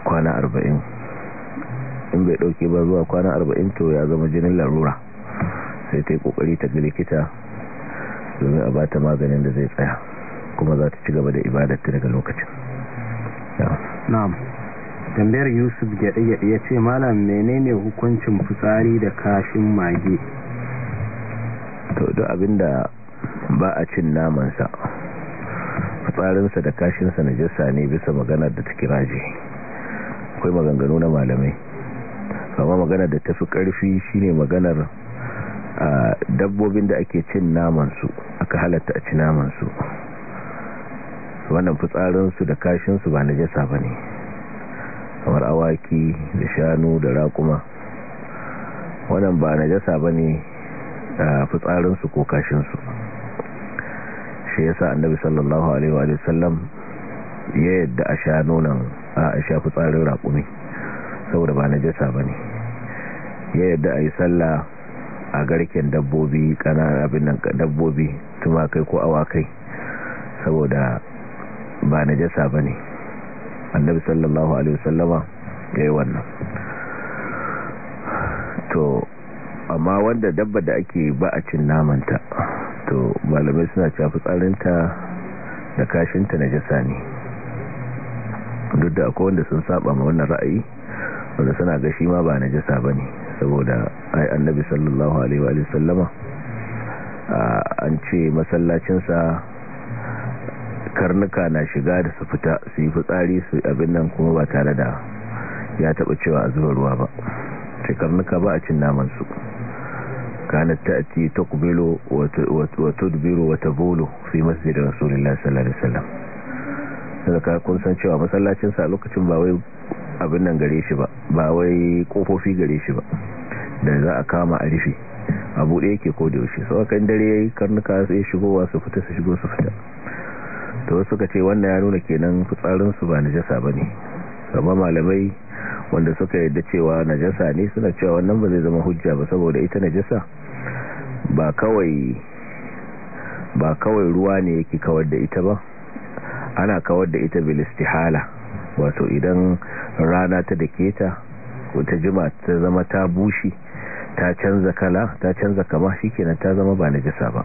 kwana arba'in in bai dauke ba zuwa kwana arba'in to ya zama jinin larura sai ta yi kokari ta ga likita domin a ba ta maganin da zai tsaya kuma za ta ci gaba da ibadatta daga lokacin na'am tambayar yusuf gyaɗe ya ce malam menene hukuncin fitsari da kashin mage to abin abinda ba a cin namansa fitsarinsa da kashinsa na jasa ne bisa maganar da take raje akwai maganganu na malamai kama maganar da ta tafi karfi shine maganar dabbobin da ake cin namansu aka halatta a ci namansu wannan fitsarinsu da kashinsu ba na jasa ba ne kamar awaki da shanu da raƙuma wannan ba jasa ba ne a fitsarinsu ko kashinsu shi ya sa annabi sallallahu alaihi wa sallam ya yadda a sha nan a sha fitsarin rakumi saboda ba na jasa ba ne ya yadda a yi sallah a garken dabbobi ƙananan abin nan dabbobi tumakai ko awakai saboda ba na jasa ba ne annabi sallallahu alaihi wasallama ya yi wannan to amma wanda dabba da ake ba a cin namanta to malamai suna cewa tsarinta da kashinta na jasa ne duk da akwai wanda sun saba ma wannan ra'ayi wanda suna ga shi ma ba na jasa ba ne saboda ai annabi sallallahu alaihi wa an ce masallacinsa karnuka na shiga da su fita su yi fitsari su abin nan kuma ba tare da ya taba cewa a zuwa ruwa ba ce karnuka ba a cin namansu kanar ta ati ta kubilo wato dubiro wata bolo fi masu da rasulullah sallallahu alaihi wasallam daga kun san cewa masallacinsa a lokacin ba wai abin nan gare shi ba ba wai kofofi gare shi ba da za a kama a rufe a buɗe yake ko da yaushe sau kan dare yi karnuka sai shigowa su fita su shigo su fita da wasu suka ce wannan ya nuna kenan fitsarinsu ba najasa ba ne amma malamai wanda suka yadda cewa najasa ne suna cewa wannan ba zai zama hujja ba saboda ita najasa ba kawai ba kawai ruwa ne yake kawar da ita ba ana kawar da ita bil istihala wato idan rana ta dake ta ko ta jima ta zama ta bushe ta canza kala ta canza kama shi kenan ta zama ba najasa ba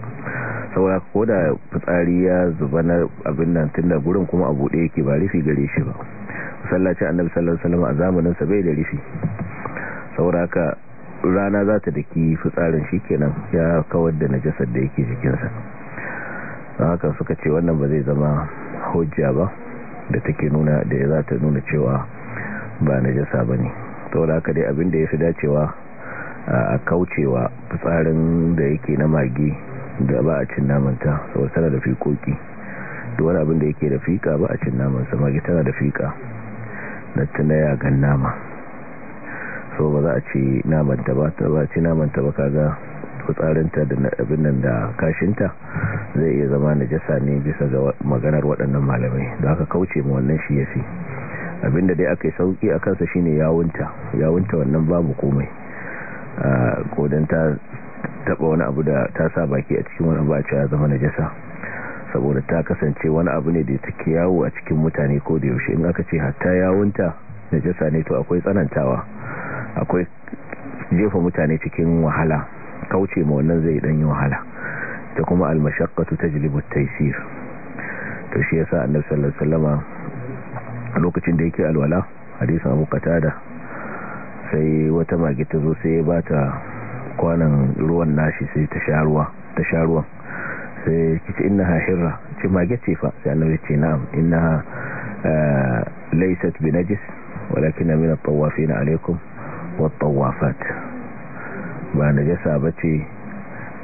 saura ko da fitsari ya zuba na abin nan tun da gurin kuma a ɗaya yake ba rufi gare shi ba masallacin annabi sallallahu alaihi wasallam a zamanin sa bai da rufi saura ka rana za ta daki fitsarin shikenan ya kawar da najasar da yake jikinsa haka suka ce wannan ba zai zama hujja ba da take nuna da za ta nuna cewa ba najasa bane saura ka dai abin da ya fi dacewa a kaucewa fitsarin da yake na mage da ba a cin namanta sau tana da da wani abin da yake da fiƙa ba a cin namansa magi tana da fiƙa na tana yagan nama so ba za a ci namanta ba ta ba ci namanta ba kaga tsarinta da abin nan da kashinta zai iya zama na jasa ne bisa ga maganar waɗannan malamai da aka kauce ma wannan shi ya fi abinda dai aka yi sauki a kansa shine yawunta yawunta wannan babu komai a ah, ta taba wani abu da ta sa baki a cikin wani baci ya zama najasa saboda ta kasance wani abu ne da take yawo a cikin mutane ko da yaushe in aka ce hatta yawunta najasa ne to akwai tsanantawa akwai jefa mutane cikin wahala kauce ma wannan zai dan yi wahala ta kuma almashaqqatu ta at-taysir to shi yasa annabi sallallahu alaihi a lokacin da yake alwala hadisin Abu Qatada sai wata mage ta zo sai ya bata kwanan ruwan nashi sai ta sha ruwa ta sha ruwan sai kici ina hirra ce mage ce fa sai annabi ce na'am laisat eh, laysat najis walakin min at-tawafin alaykum wat-tawafat ba najasa bace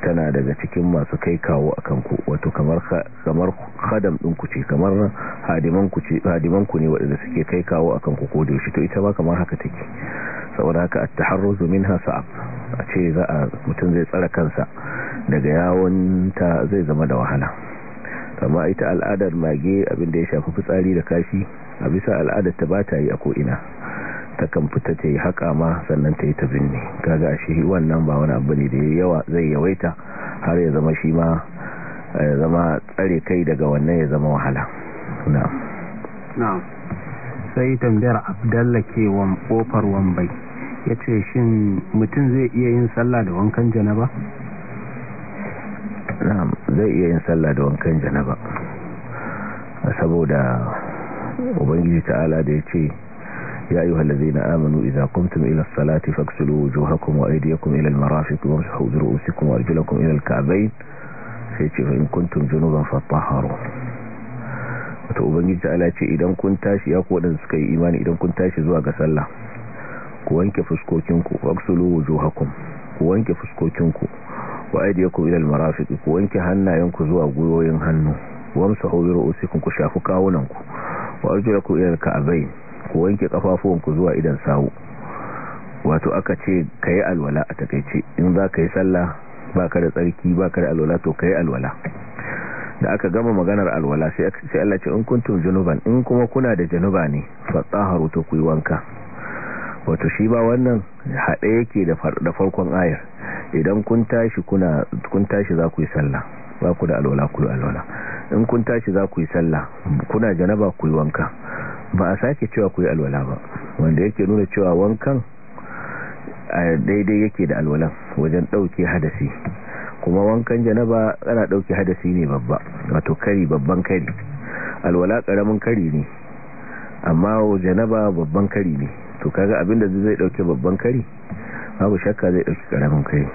tana daga cikin masu kai kawo a kanku wato kamar khadam din ku ce kamar hadiman ku ne waɗanda suke kai kawo a kanku ko da yaushe to ita ba kamar haka take saboda haka a taharruz zumin hasa a ce za a mutum zai tsara kansa daga yawon ta zai zama da wahala amma ita al'adar mage abinda ya shafi fitsari da kashi a bisa al'adar ta ba ta yi a ko'ina takan fita ta yi haƙa ma sannan ta yi ta binne kaga shi wannan ba wani abu ne da ya yawa zai yawaita har ya zama shi ma ya zama tsare kai daga wannan ya zama wahala na. na sai tambayar abdalla ke wan kofar wambai yace shi mutum zai iya yin sallah da wankan janaba na zai iya yin sallah da wankan janaba saboda ubangiji ta'ala da ya ce. يا أيها الذين آمنوا إذا قمتم إلى الصلاة فاكسلوا وجوهكم وأيديكم إلى المرافق وامسحوا برؤوسكم وأرجلكم إلى الكعبين فإن كنتم جنوبا فطهروا wata ubangiji ala ce idan kun tashi ya kodan suka yi imani idan kun tashi zuwa ga sallah ku wanke fuskokinku waksulu wujuhakum ku wanke fuskokinku wa aydiyakum ila almarafiq ku wanke hannayenku zuwa gwiwoyin hannu ku shafi kawunanku wa ku wanke ku zuwa idan sawu wato aka ce ka yi alwala a takaice in za ka yi sallah ba ka da tsarki ba ka da alwala to ka yi alwala da aka gama maganar alwala sai Allah ce in kuntum junuban in kuma kuna da junuba ne fatsaharu to ku yi wanka wato shi ba wannan haɗe yake da farkon ayar idan kun tashi kun tashi za ku yi sallah ba ku da alwala ku alwala in kun tashi za ku yi sallah kuna janaba ku yi wanka ba a sake cewa ku yi alwala ba wanda yake nuna cewa wankan a daidai yake da alwala wajen ɗauke hadasi kuma wankan janaba ana dauke hadasi ne babba wato kari babban kari alwala karamin kari ne amma janaba babban kari ne to kaga abinda zai ɗauki babban kari babu shakka zai ɗauki karamin kari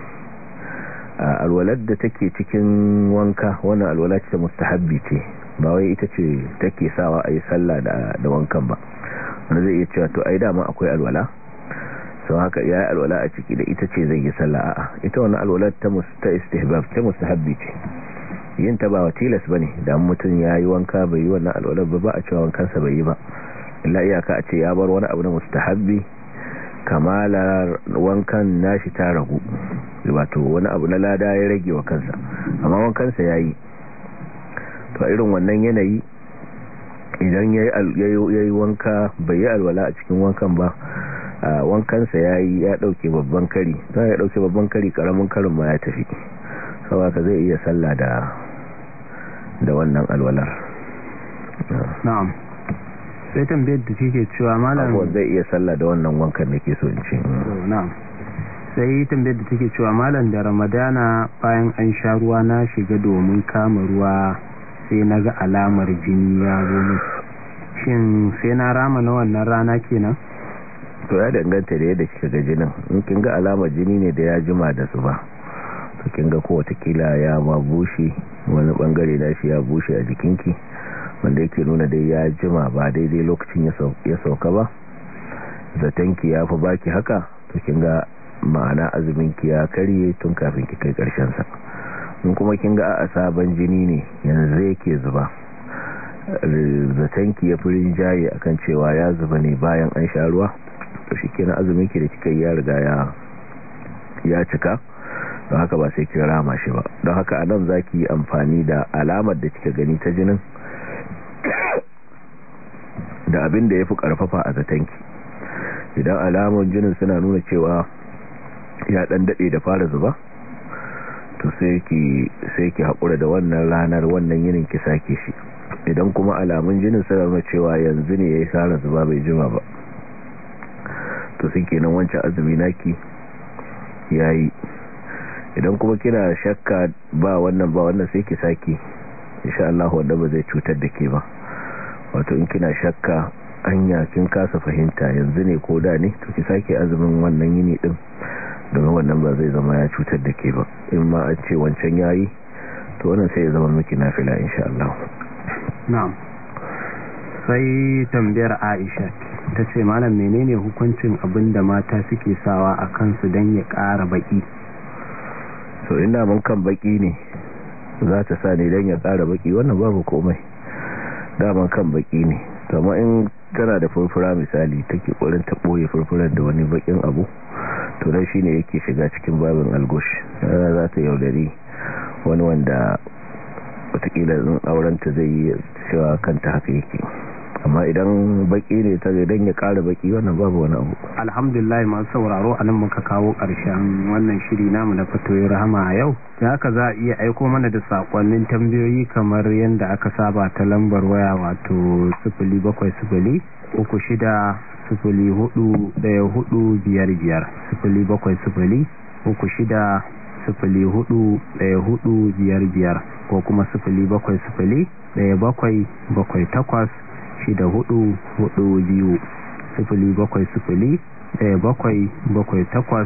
alwalar da take cikin wanka wannan alwala ce mustahabbi ce ba wai ita ce take sawa a yi sallah da wankan ba wanda zai iya cewa to ai dama akwai alwala sau haka ya yi alwala a ciki da ita ce zai yi sallah a'a ita wani alwalar ta istihbab ta mustahabbi ce yin ta ba wa tilas ba ne da mutum ya yi wanka bai yi wannan alwalar ba ba a cewa wankansa bai yi ba illa iyaka a ce ya bar wani abu na mustahabbi kamalar wankan nashi ta ragu wato wani abu na lada ya rage wa kansa amma wankansa ya yi to irin wannan yanayi idan ya yi wanka bai yi alwala a cikin wankan ba wankansa ya yi ya dauke babban kari ta ya dauke babban kari karamin karin ma ya tafi saboda ka zai iya sallah da da wannan alwalar na'am sai tambayar da kike cewa malam zai iya sallah da wannan wankan da ke so in ce na'am sai tambayar da take cewa malam da ramadana bayan an sha ruwa na shiga domin kama ruwa sai na ga alamar jini ya zo shin sai na rama na wannan rana kenan to ya danganta da yadda kika ga jinin in kin ga alamar jini ne da ya jima da su ba to kin ga ko watakila ya ma bushe wani bangare na shi ya bushe a jikinki wanda yake nuna dai ya jima ba daidai lokacin ya sauka ba zatanki ya fi baki haka to kin ga ma'ana azumin ki ya karye tun kafin ki kai karshen sa in kuma kin ga a sabon jini ne yanzu yake zuba zaton ki ya furin jaye akan cewa ya zuba ne bayan an sha ruwa to shikenan azumin ki da kika ya riga ya ya cika don haka ba sai kin rama shi ba don haka anan zaki yi amfani da alamar da kika gani ta jinin da abin da ya fi karfafa a ki idan alamun jinin suna nuna cewa ya dan dade da fara zuba to sai ki sai ki hakura da wannan ranar wannan yinin ki sake shi idan kuma alamun jinin sai nuna cewa yanzu ne yayi fara zuba bai jima ba to sai kenan wancan azumi naki yayi idan kuma kina shakka ba wannan ba wannan sai ki sake insha Allah wanda ba zai cutar da ke ba wato in kina shakka anya kin kasa fahimta yanzu ne ko da ne to ki sake azumin wannan yini din domin wannan ba zai zama ya cutar da ke ba in ma an ce wancan ya yi to wannan sai ya zama miki na in insha Allah na'am sai tambayar Aisha ta ce malam menene hukuncin abin da mata suke sawa a kansu don ya ƙara baki so ina mun kan baki ne za ta sa ne don ya ƙara baƙi wannan babu komai daman kan baki ne kama in tana da furfura misali take kurin ta boye furfurar da wani bakin abu to dan shine yake shiga cikin babin algosh yana za ta yaudari wani wanda watakila in aurenta zai yi cewa kanta haka yake amma idan baki ne ta idan ya ƙara baki wannan babu wani abu alhamdulillah masu sauraro anan muka kawo ƙarshen wannan shiri namu na fatoyin rahama a yau da haka za a iya aiko mana da sakonnin tambayoyi kamar yadda aka saba ta lambar waya wato sufuli sufuli bakwai uku shida sufuli hudu daya hudu biyar biyar sufuli bakwai sufuli uku shida sufuli hudu daya hudu biyar biyar ko kuma sufuli bakwai sufuli daya bakwai bakwai takwas shida hudu hudu biyu sufuli bakwai sufuli daya bakwai bakwai takwas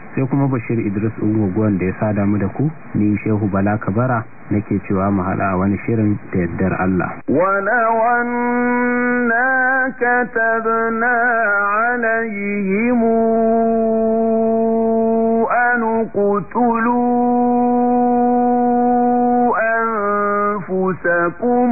sai kuma bashir idris ungogon da ya sa damu da ku ni shehu bala kabara nake cewa mu hada wani shirin da yaddar Allah walawanna katabna alayhim an qutulu anfusakum